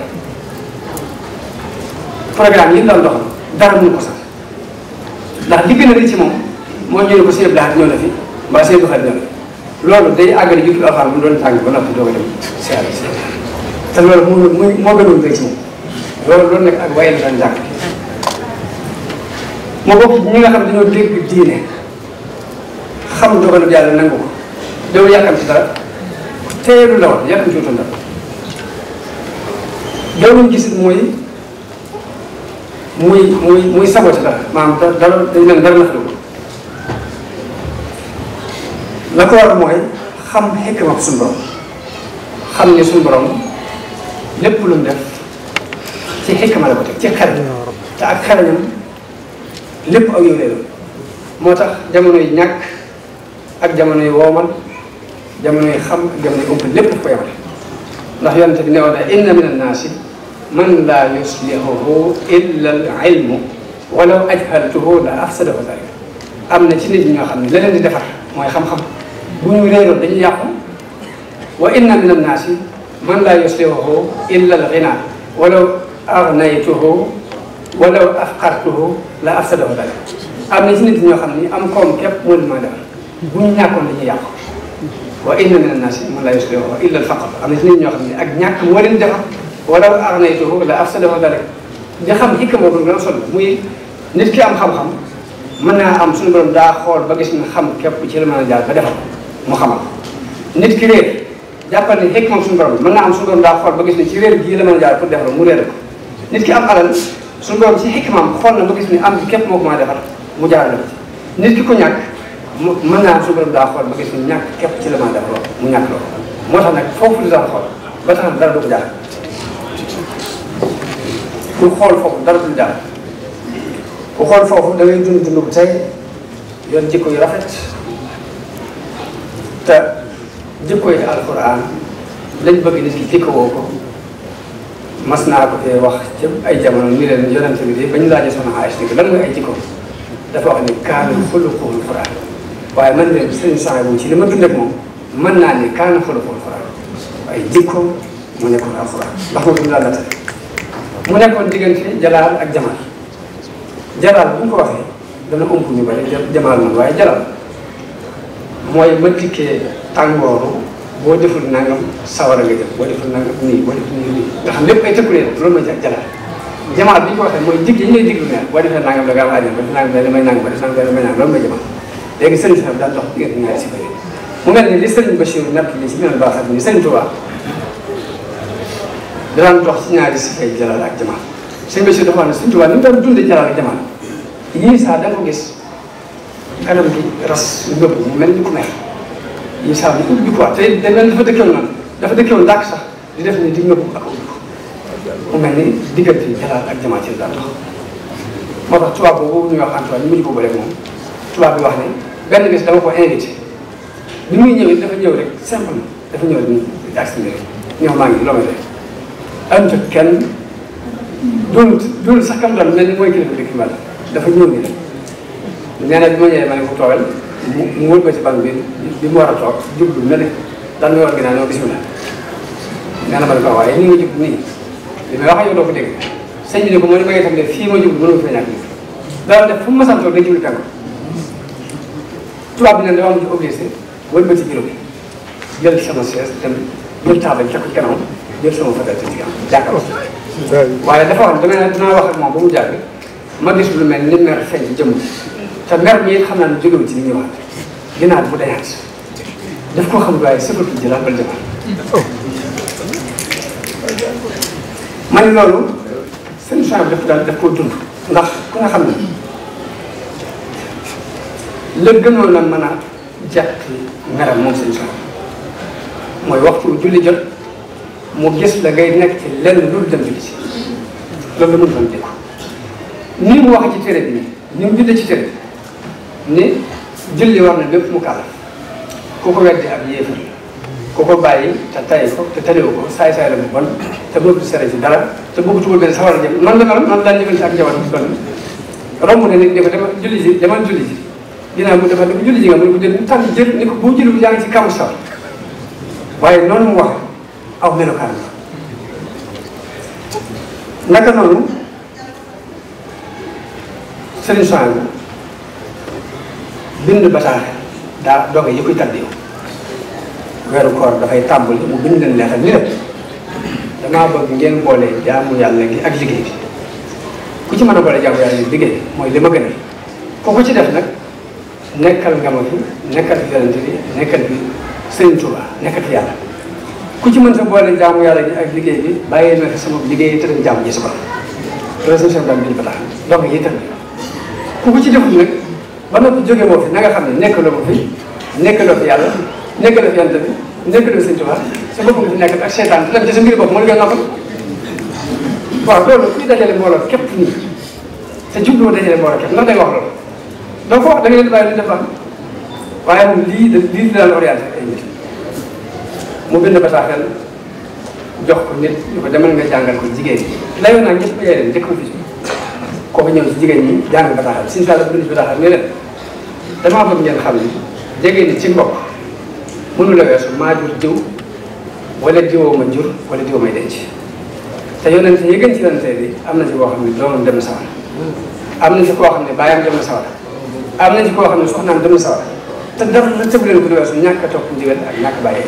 programme yi daan doxal dara mënu ko sax ndax li gën a rëcc ci moom moo ñëw ko sëñ Blaat ñëw na fi mbaa sëñ Buxar ñëw na loolu day àggali jiitu alxames bu doon tàng ba noppi doog a dem si àll si te loolu moo moo moo gënoon rëcc ci moom loolu loolu nag ak waye la daan jàng moo bokk ñi nga xam dañoo dégg diine xam dogalu yàlla nangu ko loolu yàqal ci dara teelu la woon yàqal ci wutoon dara loolu gis mooy muy muy muy saboté dara maanaam dara dañu leen dara nax la ko war mooy xam xikma suñu borom xam ne suñu borom lépp lu mu def ci xikma la ko teg ci xel te ak xelañam lépp ak yow lay doon moo tax jamono yi ñàkk ak jamono yi woomal jamono yi xam ak jamono yi ëpp lépp daf ko yemale ndax yonente bi ne woon na inna min annaasi man laa yuslihuhu illa al ilmu walaw ajhaltuhu la afsadahu dalika am na ci nit ñi ñoo xam ne la leen di defar mooy xam-xam bu ñu réeroon dañuy yàqu wa inna min annaasi man laa yuslihuhu illa al ghina walaw aghnaytuhu walaw afqartuhu la afsadahu dalika am na ci nit ñi ñoo xam ne am koom képp mënu maa defar bu ñu ñàkkoon dañuy yàqu wa inna mina naasi man laa yuslihu illa al-faqr am na ci nit ñoo xam ne ak ñàkk moo leen a walaw aghnaytuhu la afsadahu dalika nga xam xikma bu gën solo muy nit ki am xam-xam mën naa am suñu borom daa xool ba gis ñu xam képp ci la mën a jaar ba defal mu xamal nit ki réer jàppal ne xikma suñu borom mën naa am suñu borom daa xool ba gis ne ci réer gii la mën a jaar pour defal mu réer ko nit ki am alal suñu borom ci xikmaam xool na ba gis am bi képp ma ko mën a mu jaarale ko nit ki ko ñàkk mu mën naa su borom daa xool ma gis ñàkk képp ci la maa def lool mu ñàkk lool moo tax nag foofu la daan xool ba tax dara du ko jaaxal ku xool foofu dara dund dund bu tey yoon jikko yu rafet te jikko yi alquran lañ bëgg nit ki jikko woo ko mas naa ko fee wax jëm ay jamono ni leen yonente bi de ba ñu laajee soxna Aïcha lan mooy ay jikko dafa wax ni kaanu xuluqul quran waaye man de sëriñ sang boobu ci li ma dund ak moom mën naa ne kaana xuluful Qur'an waaye jikko mu nekkoon alxuraan ndax ma dund laa mu nekkoon diggante jalaal ak jamaal jalaal bu ñu ko waxee dana ëmp ñu bari jamaal moom waaye jalaal mooy ma dikkee tàngooru boo deful nangam a nga jëm boo deful nangam nii boo deful nii nii nga xam lépp ay tëkkulee loolu mooy jalaal jamaal bi ñu ko waxee mooy jig yi ñu lay diglu ne boo defee nangam da nga am àjjana boo nangam da may nangam boo def nangam da léegi sëñ Saal daal dox ngir ñaari si bëri mu mel ni li sëñ Bachir natt li si mel baax ak ni ne sëñ Touba ni mu doon dundee jalal ak jamaan yii saa da nga ko gis mel ni ku neex yii saa bi ubbi quoi te da mel dafa dëkkewoon nag dafa dëkkewoon dàkk sax di def ni di ngëb ak ubbi mu mel ni diggante jalal ak jamaan ci daan dox moo tax tubaab boobu ñu wax Antoine ñu mujj ko bëre moom tubaab bi wax ne benn bés dama ko invité bi muy dafa ñëw rek simple dafa ñëw rek ñu accident rek ñëw maa ngi ak kenn doonul doonul sax kam doon mel mooy kilifa dëkk dafa ñëw nii bi ma ñëwee ma ne ko toogal mu mu wër ma mu war a toog jublu mel ne daan ma war a ñoo bisimilah nee na ma ne waaye ni nga jublu nii li may wax ak yow doo ko dégg sëñ bi ne ko moo ne ma ngay tam ne fii ma jublu mënuma fi ñàkk daan def fu ma sant toog day jublu tubaab bi ne dama am lu obligé wëlbati bureau bi jël sama chaise dem jël taabal teg ko ci kanam jël sama fatal ci kanam jàkkaarloo waaye dafa wax dama ne wax ak moom ma gis lu mel ni mer feeñ ci jëmm te mer bi xam naa ne jógewu ci li ñuy wax ginnaaw bu day xas daf koo xam waaye sëbëb yi jëlaat ba jëlaat man loolu seen changement daf daal daf koo dund ndax ku nga xam ne la gënoon a mën a jàpp ngaram moom sëñ Saaliw mooy waxtu julli jot mu gis la ngay nekk ci lenn lu dem julli si loolu la mu doon déglu ni mu wax ci téere bi ni mu ci téere bi ni julli war na lépp mu kàlla ku ko weddi ak yéefar ku ko bàyyi te tay ko te tanewu ko saay saay la mu bon te bëgg sere ci dara te bëgg benn sawar a jëm man la man daan ñëwante ak njaboot bi doon romb ne nag dafa demal julli ji demal julli ji ginnaaw mu defal ne ko julli ji nga mu ne ko jël mu tànn jël ne ko boo jëlul yaa ngi ci kaw sax waaye noonu mu wax aw melokaan la naka noonu sëriñ Soham bind bataaxe daa doge yi koy tàddeew weeru koor dafay tàmbali mu bind leen leetal ni rek damaa bëgg ngeen boole jaamu yàlla ak liggéey bi ku ci mën a boole jaamu yàlla gi liggéey mooy li ma gën a ko ko ci def nag nekkal nga ma fi nekkal yonent bi nekkal bi sëñ Touba nekkal fi yàlla ku ci mën sa boole jaamu yàlla gi ak liggéey bi bàyyi na fi sama liggéey te dem jaamu ji si borom loolu seen seen daan bi ñu ko tax ci deful nag ba noppi jógee moo na nga xam ne nekkaloo ko fi nekkaloo fi yàlla nekkaloo fi yonent bi nekkaloo fi sëñ Touba sa bopp nga fi nekk ak seetaan te dem ci sa moo la gën a noppal waaw sa jubluwoo dajale mbooloo képp wax loolu donc foofu da ngay leen bàyyi lu def waaye lii da lii daan mu bind bataaxal jox ko nit ñu ko demal nga jàngal ko jigéen ñi layoon naa ñëpp yaay leen njëkk a bis kooku ñëw si jigéen ñi jàng bataaxal sin sall bind si bataaxal ne leen damaa bëgg ngeen xam ni jigéen ñi ci mbokk mënu la weesu maa jur jiw wala jiwoo ma jur wala jiwoo may denc te yonent yi gën ci yonent bi am na si boo xam ne doomam dem na am na si koo xam ne bàyyam dem na am na ci koo xam ne soxnaam dama sawar te daf la di weesu ñàkk a topp ndigal ak ñàkk bàyyi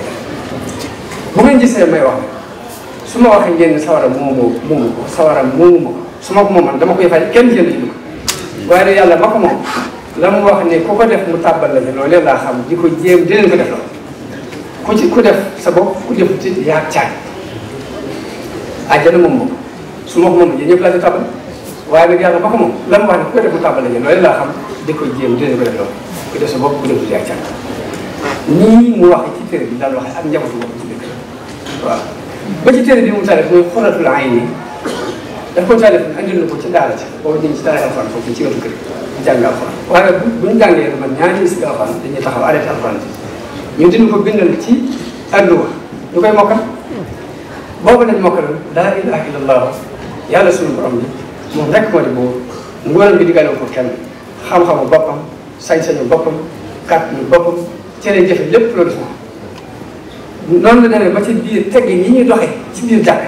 bu ngeen gisee may su ma waxee ngeen sawara moomu moomu ko sawara moomu ma ma ko mooman dama koy fay kenn jënd ci du ko waaye yàlla ma ko la mu wax ne ku ko def mu tàbbal la fi loolu laa xam di ko ko def loolu ku ci ku def sa bopp ku def ci yaag caag àjjana su ma ko moom ji ñëpp laa fi tàbbal waaye nag yàlla ba ko moom lan moo ko def mu tàmbale ñu loolu laa di ko jéem dina ko def loolu ku def sa bopp ku def yaay nii mu waxee ci bi daan waxee ak njabootu bopp ci dëkk waaw ba ci bi mu taalif mooy la ay nii daf ko taalif andil ko ci daara ci boobu ñu ci daara alxuraan ci wetu kër di waaye bu ñu jàngee man ñaari si alxuraan dañuy taxaw arrêté alxuraan bi ñu dina ko ci àlluwa ñu koy mokkal boobu lañ mokkal laa ilaha illallah yàlla moom rek moo di buur ngoonam bi diggalee ko kenn xam-xamu boppam sañ mu boppam kàttanu boppam cere jëfe lépp loolu si noonu la demee ba ci biir tegg yi ñuy doxee ci biir jàkk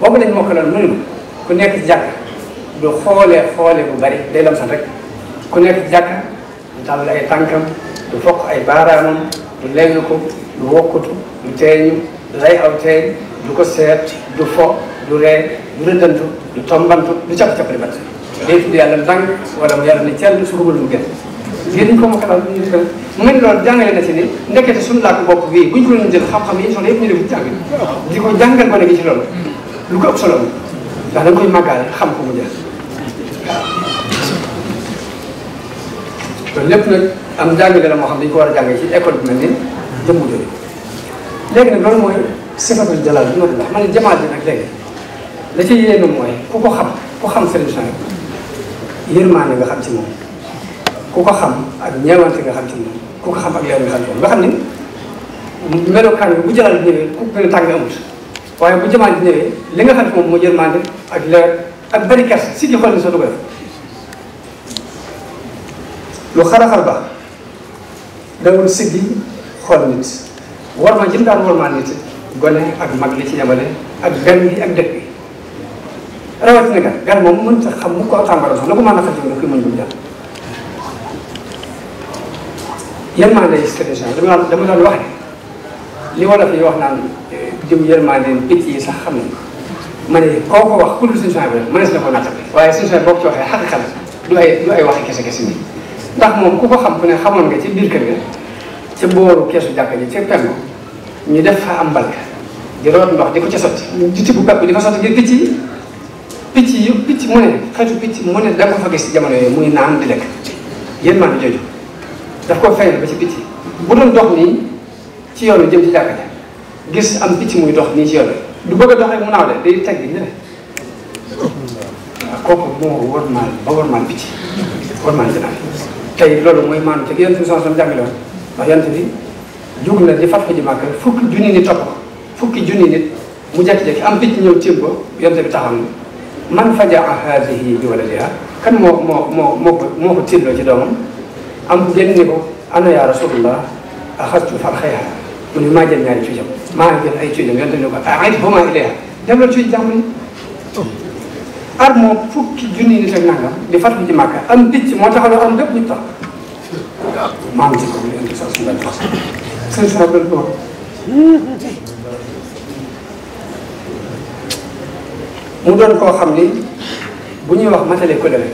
boobu lañ mokkaloon mënul ku nekk ci du xoolee xoole bu bari day lam san ku nekk ci jàkk du tàllal ay tànkam du fokk ay baaraamam du lenn ko du wokkutu du teeñu du lay aw du ko seet du fo du ree du rëddantu du tombantu du capp-cappali bat day tudd yàlla ndànk wala mu yàlla ne cell su rubal lu gën yéen ñu ko mokalal ñu ko mu ne loolu jàngale na ci ni ndekete suñu làkk bopp bii bu ñu ko doon jël xam-xam yi ñu soxla yëpp ñu dem jàng di ko jàngal gone gi ci loolu lu ko ëpp solo la ndax dañ koy màggaale xam ko mu jël waaw loolu lépp nag am jàngale la moo xam dañu ko war a jàngale ci école bi mel ni jëmmu jooju léegi nag loolu mooy sifatul jalal bi ma doon wax ma ne jamaat bi nag léegi la ca yéeme mooy ku ko xam ku xam Serigne Souhaïbou yërmaande nga xam ci moom ku ko xam ak ñeewante nga xam ci moom ku ko xam ak leer nga xam ci moom nga xam ne bi bu jëlaat ñëwee bu jëmaat li nga xam ci moom moo yërmaande ak leer ak bari kers si di xool ni soo du ko lu xaraxar ba dawul siggi xool nit war ma jëm daan war maa nit gone ak mag li ci yemale ak gan gi ak dëkk rawatina gan gan moom mën sa xam mu ko tàmbali sax lu ko mën a xajul nga koy mën ñu jàpp yërmande yi dama dama doon wax li wolof yi wax naan eh, jëm yërmande picc yi sax xam nañ ma ne ko wax ku dul suñu changement bi mënees na ko nattale waaye suñu changement boo ko ci waxee xaqiqa la du ay du ay waxi kese kese nii ndax moom ku ko xam ku ne xamoon nga ci biir kër ga ca booru keesu jàkka ji ca penku ñu def fa am mbalka di root ko ca sotti di tibb kàpp picc yi picc mu ne xeetu picc mu ne da nga ko fa gis ci jamono yooyu muy naan di lekk yéen maa ngi jooju daf koo feeñal ba ci picc bu doon dox nii ci yoonu jëm ci jàkka gis am picc muy dox nii ci yoonu du bëgg mu naaw de day teg gi moo war maal ba war maal picc war maal ginaar tey loolu mooy maanu te yéen fi son son jàngale woon ndax yant bi jóg na di fat ko ji màkk fukki junni nit topp ko fukki junni nit mu jékki-jékki am picc ñëw ceeb ko yant bi taxaw na man fajaa haadihi bi waladiha kan moo moo moo moo ko moo ko tiilloo ci doomam am ku génn ni ko ana yaa rasulullah axastu farxayha mu ne maa jël ñaari cuujam maa jël ay cuujam yonte ne ko a'iduhumaa ilayha dem la cuuj jàmm ni ar moom fukki junni nit ak nangam di fatu ci màkka am dicc moo taxaloo am lépp ñu tax maa ngi ci ko mu indi sa suñu mu doon koo xam ni bu ñuy wax matale kóllëre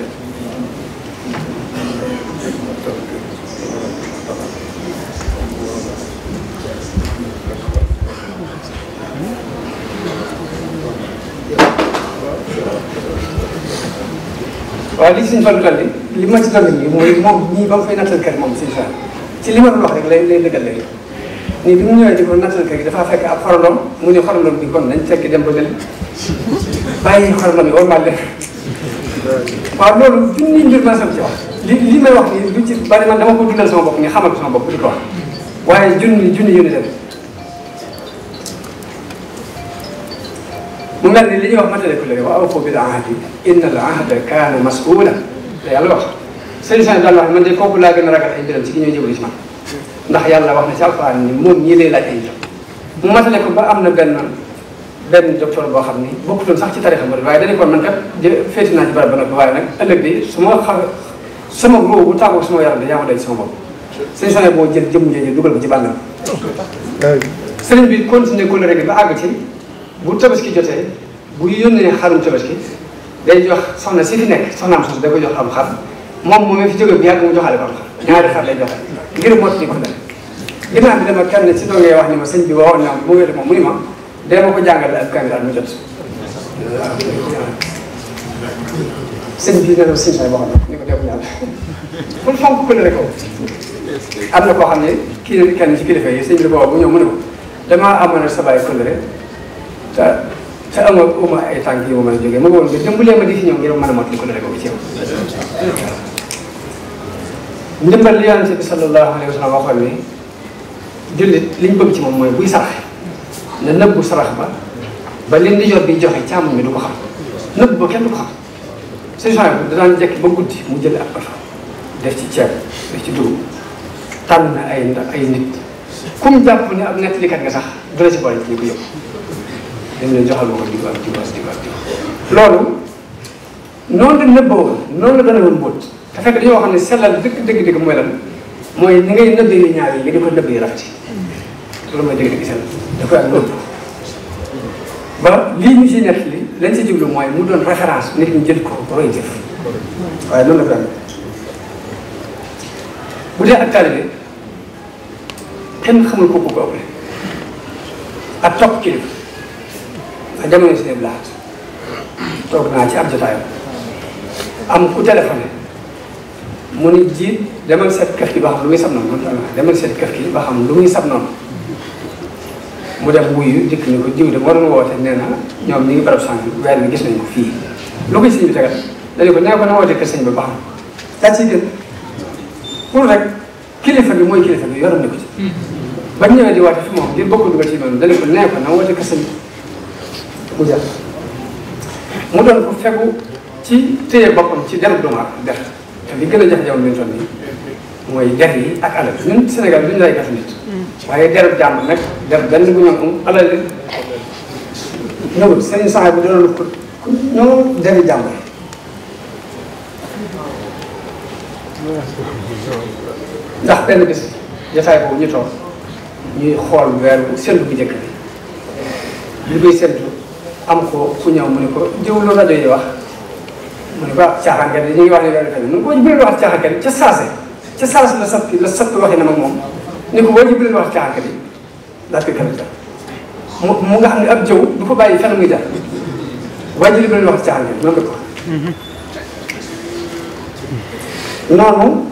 waaw li suñu fan dolli li ma ci dolli mooy moom ñii ba mu fay nattal kër moom suñu ci li ma doon wax rek lay lay dëggal léegi. ni bi mu ñëwee di ko nattal kër gi dafa fekk ab xorondom mu ne xorondom bi kon nañ fekk dem ba leen bàyyi xorondom yi waruma leen waaw loolu fi ñu njur na sam ci wax li li may wax nii lu ci bari man dama ko dundal sama bopp xamal ko sama bopp di ko wax waaye junni junni ma tamit mu mel ni li ñuy wax matale ko léegi wa awfu bil ahdi inna al ahda kaana mas'uula te yàlla wax sëñ Sane daal wax man de kooku laa gën a ragal ay mbiram ci ki ñooy jëbali ci ndax yàlla wax na ci alxuraan ni moom ñii laaj ay njab ko ba am na benn benn docteur boo xam ni bokkutoon sax ci tarixa mbir waaye dañu ko man kat féeti naa ci barab ba na waaye nag ëllëg bi su ma xam sama roo bu tàggoo sama yaram de yaa ma day sama bopp sëñ Sane boo jël jëmm jooju dugal ko ci bànnam sëriñ bi continué ko rek ba àgg ci bu tabaski jotee bu yónnee xarum tabaski day jox soxna si fi nekk soxnaam sos da koy jox am xar moom moom fi jóge bu yàgg mu joxale ko am xar ñaari xar lay joxale ngir mot li ko dal imaam bi dama kenn ci dongee wax ni ma sëñ bi waxoon naa mu wér moom mu ni ma dee ma ko jàngale ak kamil at mu jot sëñ bi nena sëñ say waxoon na ni ko def ñaan mun fonk pëlëre ko am na koo xam ne kii kenn ci kilifa yi sëñ bi boobu bu ñëw mu ne ko damaa amoon sa baay pëlëre te te ama uma ay tànk yi ma mën a jógee ma woon nga dimbalee ma di fi ñëw ngir mën a mot li ko dale ko ci yow ndimbal li yonent bi sallallahu alayhi wa sallam waxoon ni li liñ ci moom mooy buy sarax na nëbbu sarax ba ba li ndijoor bi joxe càmm mi du ko xam nëbb ba kenn du ko xam seen changement bi danaan jekk ba guddi mu jël ab oto def ci ceeb def ci dugub tànn ay ay nit kum jàpp ne ab nettalikat nga sax dina ci boole ci ñu ko yëpp dañ leen loolu ma ko diw ak diw ak diw ak diw loolu noonu la nëbboon noonu la gën a woon mbóot te fekk dañoo xam ne sellal dëgg dëgg dëgg mooy lan mooy ni ngay nëbbee yu yi nga di ko nëbbee yu rafet yi loolu mooy dëgg dëgg sellal da ak loolu ba lii ñu si nekk li lañ si jublu mooy mu doon référence nit ñi jël ko roy jëf waaye noonu la ko amee bu ak taalibe kenn xamul ak topp si ne blaat toog naa ci ab jotaayam am ku téléphoné mu ni jiit demal seet kër ki ba xam lu muy sab noonu demal seet kër gi ba xam lu muy sab noonu mu dem wuyu dikk ni ko jiw de waroon gis nañ ko fii lu koy sëñ bi kilifa bi mooy kilifa bi yoroon na ko ci hmm. ba ñëwee di woote fi moom ngir na woote kër doon ko fegu ci téye boppam ci deru doomu def te li gën a jafe-jafe lañ toll nii mooy gerte yi ak alal ñun senegal duñu lay gerte nit mm. waaye derb jàmbur nag derb benn bu ñoom am alal li ñëwul seen saxaay bu doon ko ñoo derb jàmbur ndax benn bis jotaay boobu ñu toog ñuy xool weer bu seetlu bu njëkk bi li koy seetlu am ko ku ñaw mu ne ko jëw lu rajo wax mu ne ko ah caaxaankat yi ñu ngi wax ne loolu tamit nu ko wax ca saase ca saase la la sat waxee na ma moom ni ko boo Jibril wax caaxaankat yi a mu mu nga xam ne ab jëw du bàyyi fenn muy jàll waaye Jibril wax caaxaankat yi mën nga ko noonu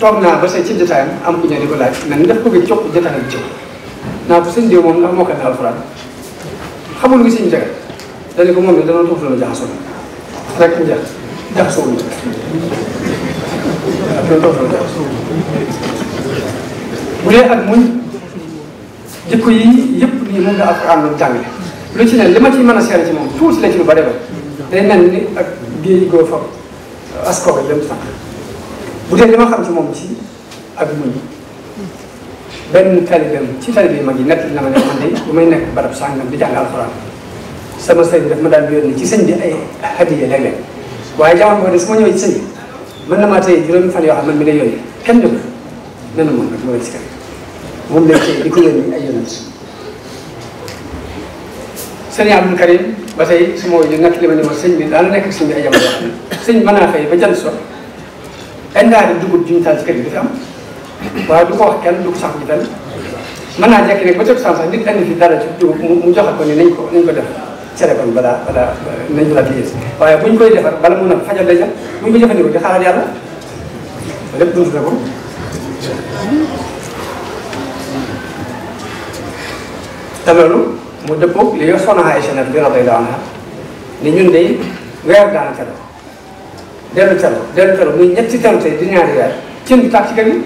toog naa ba say ci jotaayam am ku ñëw di ko laaj mais ni daf ko bëgg cokk jotaayam jëw naa ko moom ndax moo ko alxuraan xamul nga sëñ jagat dañu ko moom rek njax jaxasoo wuñ waaw loolu dootul jaxasoo bu dee ak muñ jikko yi yëpp nii moom nga alquran lu jàngale lu ci ne li ma ciy mën a seere ci moom tuuti la ci lu bare ba day mel ni ak géej goo fa askoga lem sànq bu dee li ma xam ci moom ci ak muñ benn talibeem ci talibe yi mag yi nekk na ma ne man de bu may nekk barab sàngam di jàng alquran sama sëriñ daf ma daan yónni ci sëñ bi ay hadiya léeg-léeg waaye jamono boobu de su ma ñëwee ci sëñ bi mën na maa tey juróomi fan yoo xam man mi lay yónni kenn du ma nee na moom rek ma leen si kenn moom lañ tey di ko yónni ay yónni sëñ Abdou Karim ba tey su ma woo ñu nekk li ma ne ma sëñ bi daal nekk sëñ bi ay jamono yoo xam ne sëñ bi mën naa fay ba jant so indaari dugub ju ñu taal ci kër gi dafa am waaye du ko wax kenn du ko sax ji benn mën naa jekki nag ba jot sax nit andi fi dara ci dugub mu joxal ko ni nañ ko nañ ko def cere kon balaa balaa nañ balaa kii yées waaye buñ koy defar bala mun a fajal lay jam buñ ko jëfandikoo di xaaral yàlla lépp dund na ko te loolu mu dëppoo li nga soxna Aïcha nag bi radiyallahu anha ni ñun de weer daanaka la dellu calo dellu calo muy ñetti calo tey di ñaari cin bi ci kër yi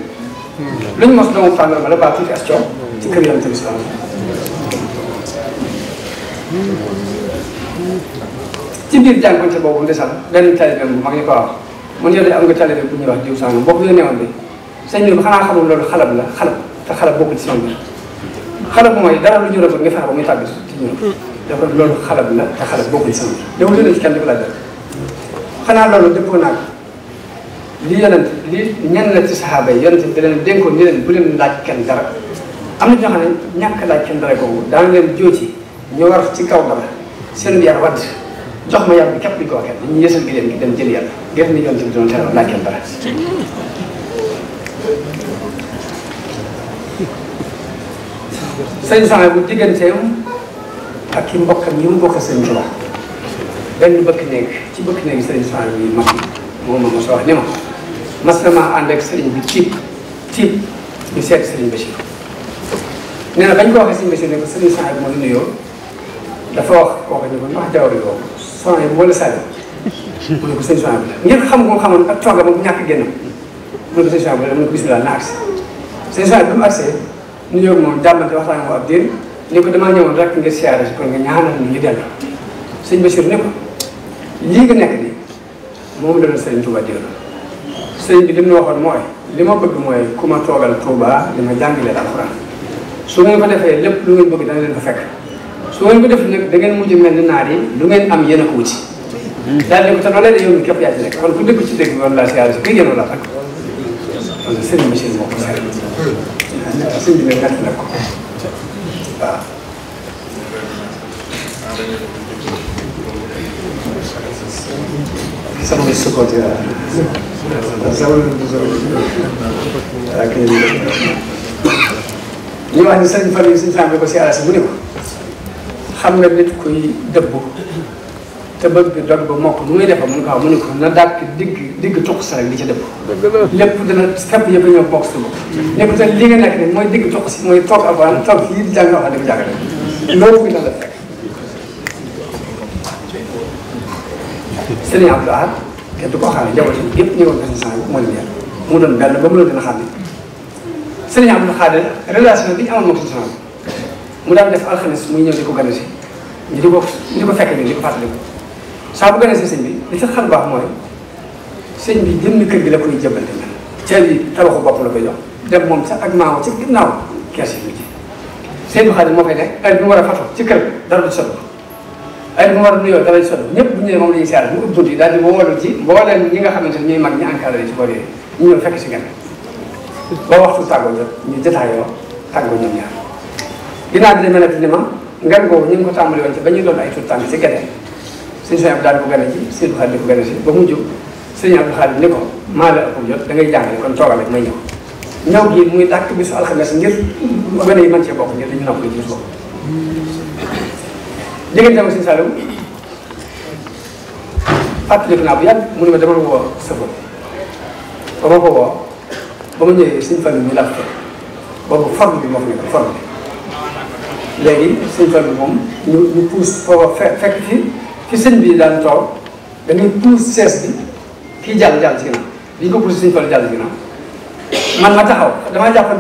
luñ mos doomu tàngoor ma la baa tuuti as coow ci kër yi am tamit ci biir jànkuwante boobu ndeysaan benn taalibe bu mag ñu ko wax am yow de am nga ñuy wax diw sàngam bokk la newoon bi sëñ bi xanaa xamul loolu xalab la xalab te xalab bokkul ci ñun xalab mooy dara ñu rafet nga ba muy tàggat ci ñun dafa loolu xalab la te xalab bokkul ci ñun yow lu ne xanaa loolu dëppoo naa ko li yonent li ñenn la ci saxaaba yi yonent da leen dénkoon ni leen bu leen laaj kenn dara am na ñoo xam ne ñàkk laaj kenn dara googu daan leen jóoti ñu war ci kaw dara seen yar wadd jox ma yàlla bi képp di ko waxee dañuy yësal gi leen dem jël yàlla gerte ni yoon si doon teral laaj leen dara sëñ sax bu digganteem ak ki mbokkam yi mu bokk sëñ Tuba benn bëkk néeg ci bëkk néeg sëñ sax bi mag moom moo sa wax ni ma mas na maa ak sëriñ bi tiib tiib ñu seet sëriñ Bachir nee na bañ ko waxee sëriñ Bachir ne ko sëriñ sax bi ma nuyoo dafa wax kooku ne ko ndax jaww soxna yi wala Sadio mu ne ko sëñ soxna bi la xam koo xamoon ak toog moom ñàkk génn mu ne ko sëñ soxna bi la mu ñëw moom jàmmante waxtaan ko ab diir ni ko damaa ñëwoon rek nga siyaare si kon nga ñaanal ñu ñu dellu sëñ Bachir lii nga nekk nii moom la doon sëñ Touba digal bi li mu waxoon mooy li ma bëgg mooy ku ma toogal Touba li ma jàngalee alxuraan su ngeen ko defee lépp lu ngeen bëgg dana leen ko fekk su ngeen ko def nag da ngeen mujj mel ni naar yi am yéen a ko wuti daal di ko te loolee da yow mi képp yaa ci nekk kon ku dëkk ci dëkk bi wala si yàlla si kuy génn wala tak kon sëriñ machine moo ko sëriñ sëriñ bi nag ko si yàlla mu ne ko xam nga nit kuy te ba moo ko nu muy defar mu na dàkk digg digg tuq sa rek li ci dëbb lépp dana fépp yëpp ñoo bokk si bopp nekk te li nga nekk ne mooy digg tuq si mooy toog avant toog yi di jàng wax di ko jàngale loolu bi la la fekk sëriñ Abdou Ahad kenn du ko xam moo leen yar mu ba mu doon dina xam ne sëriñ Abdou Khadre relation bi ñu amoon moom si mu daan def alxames mu ñëw di ko ganesi ñu di ko ñu di ko fekk ñu di ko fàttaliku saa bu ganesi sëñ bi li ci xel baax mooy sëñ bi jënd kër gi la koy jëbbante mel te yi tabaxu bopp la koy jox dem moom sax ak maaw ci ginnaaw kees yi mu bi xaalis moo koy nekk heure bi a solo heure bi mu war a dara du solo ñëpp bu ni nee moom la ñuy seetlu mu ëpp bunt yi daal di wóolu ci mbooleem ñi nga xamante ne ñooy mag ñi encadré ci boor yooyu ñu ñëw si ngeen ba waxtu tàggoo jot ñu jotaayoo tàggoo ñoom ñaar dinaa bi dina nekk ni ma ngan googu ñu ngi ko tàmbali woon ci ba ñuy doon ay tuut tànk si gerte suñu sëñ Abdou daal ko gane ci sëñ Abdou si ba mu jóg sëñ Abdou Khadre ni ko maa la ëpp jot da ngay jàngale kon toogal rek may ñëw ñaw gi muy dàkk bisu alxames ngir gone yi mën yi gis bokk diggante ma sëñ Saliou fàttaliku naa bu yàgg mu ne ma dama woo sëfa ba ma woo ba ma ñëwee sëñ Fallou ñu laaj ko boobu forme bi moo fi nekk forme bi léegi sëñ Fallu moom ñu ñu fe fekk fi fi sëñ bi daan toog dañuy pousse sees bi kii jàll jàll ci ginnaaw bi ñu ko pousse sëñ Fallu jàll ci ginnaaw man ma taxaw damaa jàpp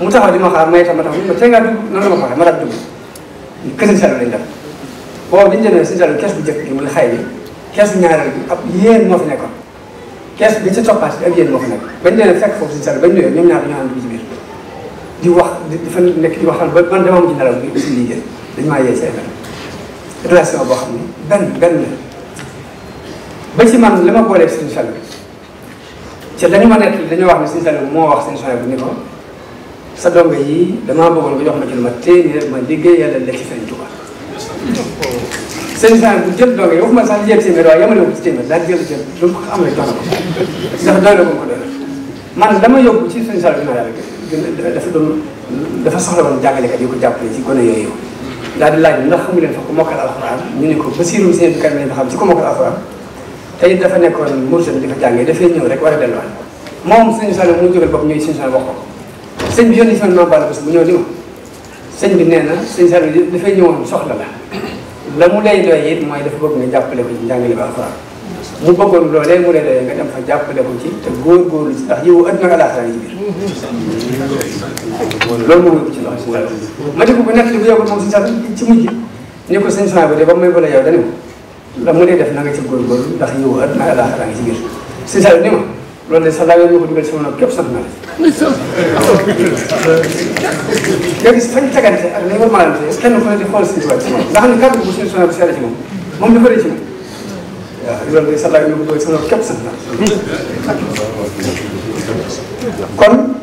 mu taxaw di ma xaar may tam ma taxaw ma tey ngaa dugg nan la ma ko waxee ma daal dugg kër sëñ Fallu lañ def boobu bi ñu jëlee sëñ Fallu kees bu njëkk bi mu xay bi kees ñaareel bi ab yéen moo fi nekkoon kees bi ci toppaat bi ak yéen moo fi nekk bañ leen fekk foofu sëñ Fallu bañ ñëwee ñoom ñaar ñoo ànd bi ci biir di wax di fa nekk di waxtaan ba man dama mujj nelaw bi si liggéey dañu maa yee seen relation boo xam ne benn benn la ba ci man li ma booleeg seen Saliou ci lañu ma nekk dañoo wax ne seen Saliou moo wax seen Saliou ni ko sa dongo yi damaa bëggoon nga jox ma ci lu ma téeméer ma liggéey yàlla la ci seen Tuubaa seen Saliou bu jël dongo yi waxuma sax jël téeméer waaye yamale ko ci téeméer daal jël jël lu ko am rek jox na ko ndax doy na ko ko doy man dama yóbbu ci seen Saliou bi ma yàlla dafa doon dafa soxla woon jàngalekat yi ko jàppale ci gone yooyu daal di laaj ndax xamu leen fa ku mokkal alxuraan ñu ne ko Basiiru seen kan leen xam si ko mokkal alxuraan tey dafa nekkoon mursid di fa jàngee dafay ñëw rek war a delluwaat moom sëñ Saliou mu jógal bopp ñuy sëñ Saliou wax ko sëñ bi yónni si man Mame Balla Bass bu ñëw di ma bi nee na sëñ Saliou dafay ñëwoon soxla la la mu lay doy it mooy dafa bëgg nga jàppale ko ci njàngale bi alxuraan mu bëggoon loolee mu ne nga dem fa jàppale ko ci te góor-góorlu ci ndax yow àdduna alaaxira ci moo ci loxo ma ne ko ba nekk li bu yokkul moom si saa ci mujj ne ko sëñ ba mu may bële yow def na nga ci góor-góorlu ndax yow de sax naa la. léegi fañ tegante ak ni nga maalante kenn ku ne di xool si waat si moom ne kàddu ci moom loolu day salaay yóbbu koy sama képp sa kon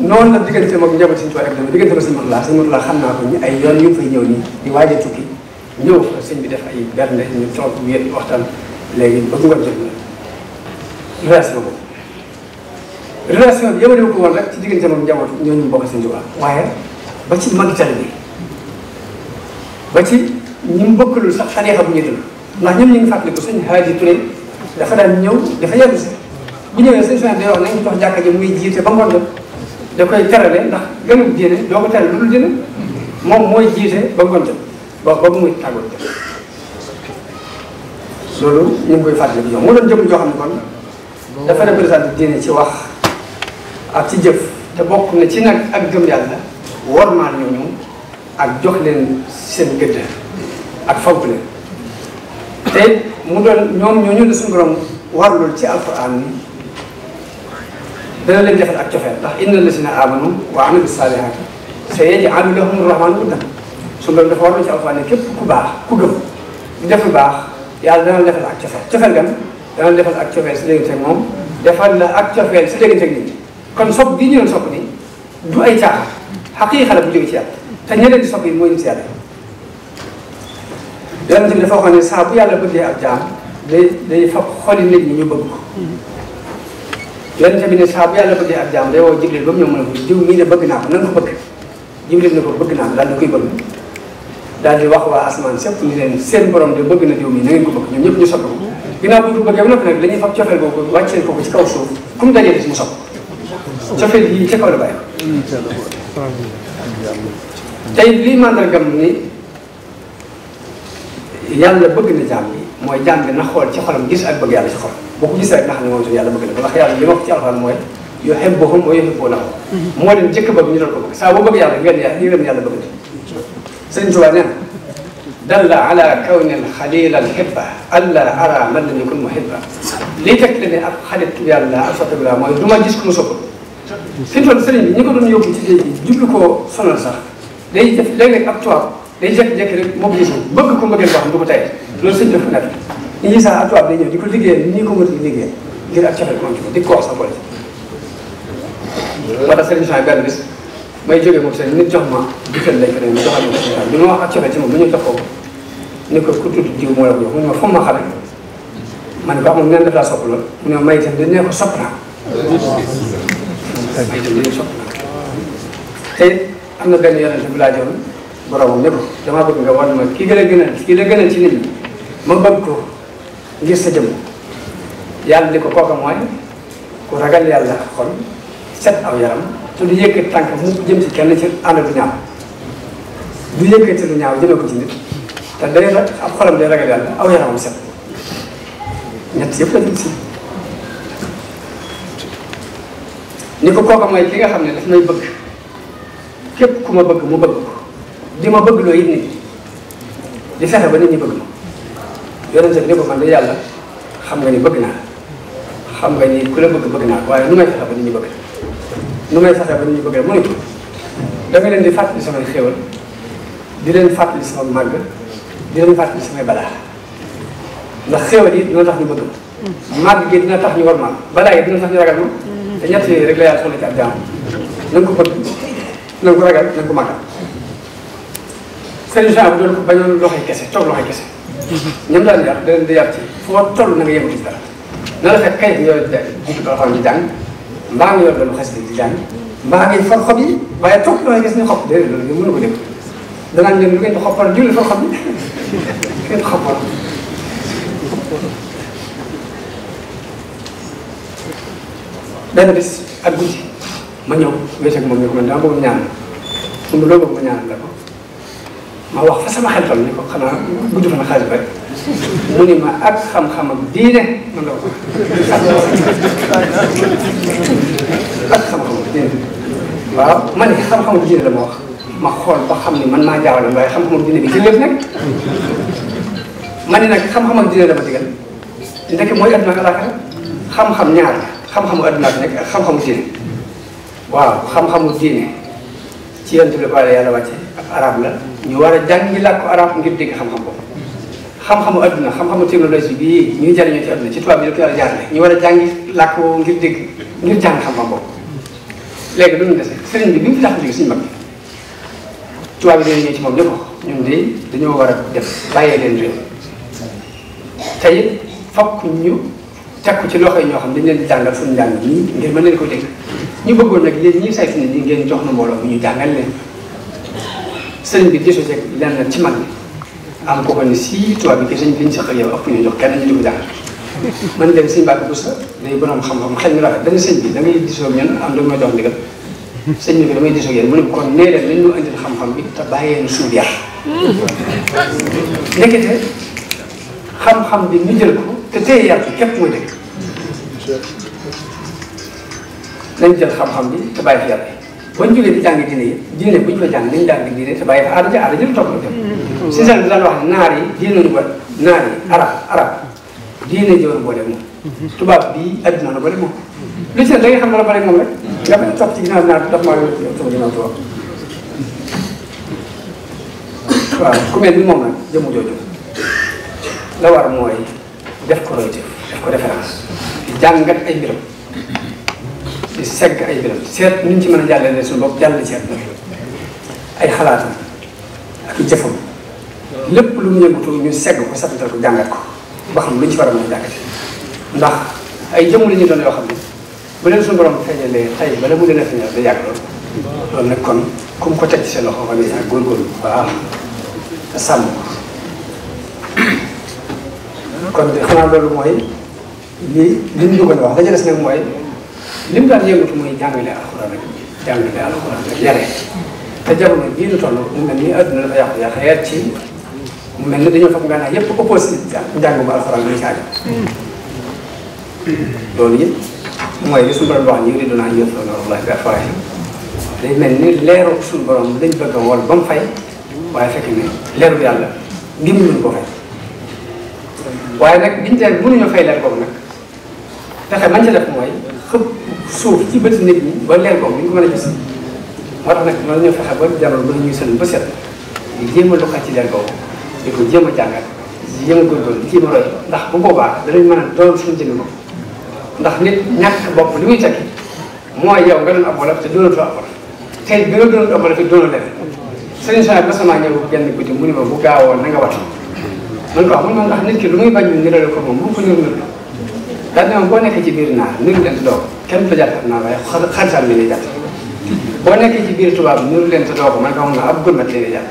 noonu la diggante moom njaboot suñu tubaab dama diggante ma sëñ Mawla sëñ Mawla xam naa ko ñu ay yoon ñëw nii di waaj a tukki ñëw bi def ay bernde ñu toog wéet waxtaan léegi ba ngoon jot na relation boobu relation bi yemale ko woon rek ci diggante moom njaboot ñooñu bokk sëñ tubaab waaye ba ci mag tali bi ba ci ñu mbokkalul sax xaneexa bu ñu dund ndax ñun ñu ngi fàttaliku sëñ Haaji Touré dafa daan ñëw dafa yàgg si bu ñëwee sëñ Souhaïbou day wax nañ dox jàkka ji muy jiite ba ngoon jot da koy terale ndax gënu diine doo ko terale lu dul moom mooy jiite ba ngoon jot ba ba muy tàggoo jot loolu ñu ngi koy fàttaliku yow mu doon jëm joo xam ne kon dafa représenté diine ci wax ak ci jëf te bokk na ci nag ak gëm yàlla wormaal ñooñu ak jox leen seen gëdd ak fonk leen te mu doon ñoom ñooñu la suñu borom warlul ci alquran ni dana leen defal ak cofeel ndax inna lazina amanu wa amilu salihaati sayaj'alu lahum rahmaanu wuddan suñu borom dafa warlul ci alquran ni képp ku baax ku gëm di def lu baax yàlla dana defal ak cofeel cofeel gan dana defal ak cofeel si léegi teg moom defal la ak cofeel si léegi teg nii kon sopp gi ñu doon sopp ni du ay caaxaan xaqiiqa la bu jóge ci yàlla te ñeneen di sopp yi mooy ñu si yàlla yonent bi dafa waxoon ne saa bu yàlla bëggee ab jaam day day fa xoli ñu bëgg ko yonent bi ne saa bu yàlla bëggee ab jaam day woo Jibril ba mu ñëw mu ne ko jiw mii de bëgg naa ko na nga ko bëgg Jibril ne ko bëgg naa ko daal di koy bëgg daal di wax waa asamaan sépp seen borom de bëgg na jiw mii na ngeen ko bëgg ñoom ñëpp ñu sopp ko ginnaaw bu ñu ko bëggee ba noppi nag dañuy fab cofeel boobu wàcc seen ko ci kaw suuf ku mu dajee des mu sopp cofeel yi ca kaw la bàyyi tey lii mandargam ni yàlla bëgg na jàmm bi mooy jàmm bi na xool ci xolam gis ak bëgg yàlla ci xol boo ko gis rek na xam ne moom itam yàlla bëgg na ko ndax yàlla li ma ko ci alxuraan mooy yuhibbuhum wa yuhibbunahu moo leen jëkk bëgg ñu doon ko bëgg saa boo bëgg yàlla ngeen yàlla ñu leen yàlla bëgg sëñ Tuubaa nee na dalla ala kawnin xalilan hibba alla ara man lam yakun muhibba lii teg ne ab xarit yàlla ak soppeeku laa mooy du ma gis ku ma sopp fi mu toll sëriñ bi ñi ko doon yóbbu ci jublu ko sonal sax day def léeg-léeg ab tubaab day jékki-jékki rek mobilisé bëgg ko mbëggeel boo xam du ko tey loolu sëñ dafa nekk indi saa atuwaab day ñëw di ko liggéeyal nii ko mën di liggéey ngir ak cofeel moom ci ko di ko wax sa boole moo tax sëriñ Jean benn bis may jógee moom sëriñ nit jox ma dikkal lañ ko dem joxal ma sëriñ bi ma wax ak cofeel ci moom bu ñu jox ko ni ko ku tudd jiw moo la ko jox mu ne ma fu ma xamee ma ne ko amul nen daf laa sopp lool mu ne ma may itam dañ ne ko sopp naa may itam dañu sopp naa te am na benn yonente bu laa joxoon boromam ne ko damaa bëgg nga wan ma kii gën a gën a kii la gën a ci nit ñi ma bëgg ko ngir sa jëm yàlla li ko kooka mooy ku ragal yàlla xol set aw yaram te du yëkkati tànk mu jëm ci kenn ci ànd du ñaaw du yëkkati lu ñaaw jëmee ko ci nit te day ab xolam day ragal yàlla aw yaramam set ñett yëpp la jëm si ni ko kooka mooy ki nga xam ne daf may bëgg képp ku ma bëgg mu bëgg ko di ma bëgg loo it nit di fexe ba nit ñi bëgg ma yonente bi ne ko man de yàlla xam nga ni bëgg naa xam nga ni ku bëgg bëgg waaye nu may fexe ba nit ñi bëgg nu may fexe ba nit ñi bëgg mooy danga leen di fàttali samay xéwal di leen fàttali sama màgg di leen fàttali samay balaa ndax xéwal yi dina tax ñu bëgg ma màgg gi dina tax ñu war ma balaa yi dina tax ñu ragal ma te ñett yooyu rek yàlla soxla ci ab jaam na ko bëgg na nga ko ragal na nga seen genre doon ko bañoon loxoy kese coow loxoy kese. ñoom daal di ci foo toll na nga yem ci dara. la fekk kayit nga yor jiitu ba xam di jàng mbaa nga yor loolu xas di jàng mbaa ngay for xob yi waaye toog loolu ko dégg. danaa leen lu ngeen di xoppal ko man dama bëgg ñaan la ma wax fa sama xel tam ni ko xanaa gudd fan xaalis rek mu ni ma ak xam-xam ak diine ma nga ko ak xam-xam ak diine waaw ma ne xam-xam ak diine la ma wax ma xool ba xam ni man maa jaawale waaye xam-xam ak diine bi ci lépp nekk ma ne nag xam-xam ak diine la ma digal ndeke mooy adduna ak alaaka xam-xam ñaar xam-xamu adduna bi nekk ak xam-xamu diine waaw xam-xamu diine ci yéen tamit baale yàlla wàcce arab la ñu war a jàngi làkku arab ngir dégg xam-xam boobu xam-xamu adduna xam-xamu technologie bi ñuy jëriñoo ci adduna ci tubaab bi da ko ñu war a jàngi làkk woowu ngir dégg ngir jàng xam-xam boobu léegi lu ñu dese sëriñ bi bi mu tax jóg suñu mag bi tubaab bi ci moom ne ko ñun de dañoo war a def bàyyee leen réew tey ñu ci loxo yi ñoo xam dañ leen di jàngal suñu njàng ñii mën leen ko dégg ñu bëggoon nag léegi ñuy saytu ne ñi ngeen jox na mbooloo bu ñu jàngal leen sëñ bi gisoo seeg lenn ci mag bi am ko ko ni si tubaab bi sëñ bi ñu seqal yow ëpp ñu jox kenn ñu dugg daal man dem sëñ Mbacke Boussa day borom xam-xam xel mi rafet dana sëñ bi da ngay gisoo ak ñun am lu ma jox sëñ bi damay gisoo ak mu ne kon nee leen nañ ñu xam-xam bi te bàyyee nu suuf yàq ndekete xam-xam bi ñu jël ko te tey yàq képp mooy dëkk nañ jël xam-xam bi te bàyyi fi bañ julee di jàng diine yi diine bu ñu ko jàng nañ jàng diine te bàyyi fa aada ja aada ja topp dem si seen daan wax naar yi diine ñu ko naar yi arab arab diine joon boole moom tubaab bi adduna la moom la boole moom rek nga a topp ci ginnaaw naar daf maa yor ku mel ni moom nag jëmu jooju la war mooy def ko royte def ko ay mbiram di segg ay biram seet ni ci mën a jàllale suñu bopp jàllale ci àdduna ay xalaatam ak jëfam lépp lu mu yëngatu ñu segg ko sattal ko jàngat ko ba xam lu ñu ci war a mën a jàngate ndax ay jëmm la ñu doon yoo xam ne bu leen suñu borom feeñalee tey bala mu leen a feeñal da yàgg loolu loolu kon ko teg ci seen loxo xam ne ak góorgóorlu waaw te sàmm ko kon xanaa loolu mooy lii li ñu bëggoon wax la ca des nag mooy li daal daan yëngatu mooy jàngale alxuraan rek jàngale alxuraan rek yare te jamono jii ñu toll mu na ni adduna dafa yàqu yàq yar ci mu mel ni dañoo foog nga naan yëpp opposé loolu it mooy li suñu borom wax ñu ngi doon naan yëf loolu wallahi day mel ni leeru suñu borom lañ bëgg a woon ba mu fay waaye fekk ne leeru yàlla ngir ñu fay leer boobu nag pexe man ci mooy. xëpp suuf ci bëti nit ñi ba leer boobu ñu ko mën a gis moo tax nag ñu nañoo fexe ba jaral ba ñuy sëñ ba set di jéem a luqat ci leer boobu di ko jéem a jàngat di jéem a góorgóorlu di jéem a roy ndax bu boobaa a doon suñu jënd bopp ndax li muy tekki mooy yow nga doon ab wolof te doonatoo ab a tey bi nga doon ab a te doonoo leneen sëñ Saal ba genn guddi mu ne bu gaawoo na nga wat mën ko wax mën nga ndax nit ki lu muy bañ ñu nirale ko moom daal di boo nekkee ci biir naar nuru leen te doo ko kenn du jàpp naa waaye xaritaan bi lay jàpp boo nekkee ci biir tubaab nuru leen te doo ko man xam naa ab gurmat li lay jàpp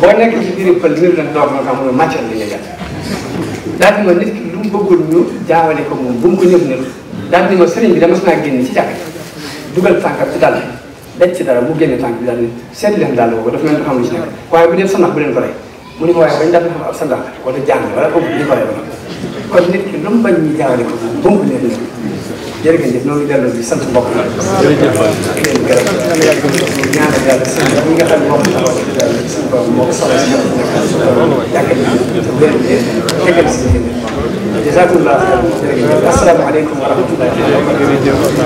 boo nekkee ci biir pël nuru leen te doo ko man ma nit ki lu mu bëggul ñu ko moom bu mu ko di ma sëriñ bi dama si naa génn ci jàkk dugal tànkam ci dàll daj ci dara mu génne tànk bi daal ni seet leen dàll boobu dafa mel ni xam lu nekk waaye bu dee sandax bu leen ko rey mu ni ko waaye bañ daal di xam ab sandax wala jàng wala ko ñu ko kon nit ki lu mu bañ ñu jaawale ko bu mu leen nekk jërëjëf ñoo ngi delloo di sant mbokk mi. jërëjëf waaw jërëjëf gërëm ñaanal yàlla seen ñi nga xam ne moom la taxaw si borom moo ko soxla si ñoom nekk si borom jàkkee nañu ko wér leen tegal si jërëjëf jazakumullah jërëjëf asalaamaaleykum wa rahmatulah.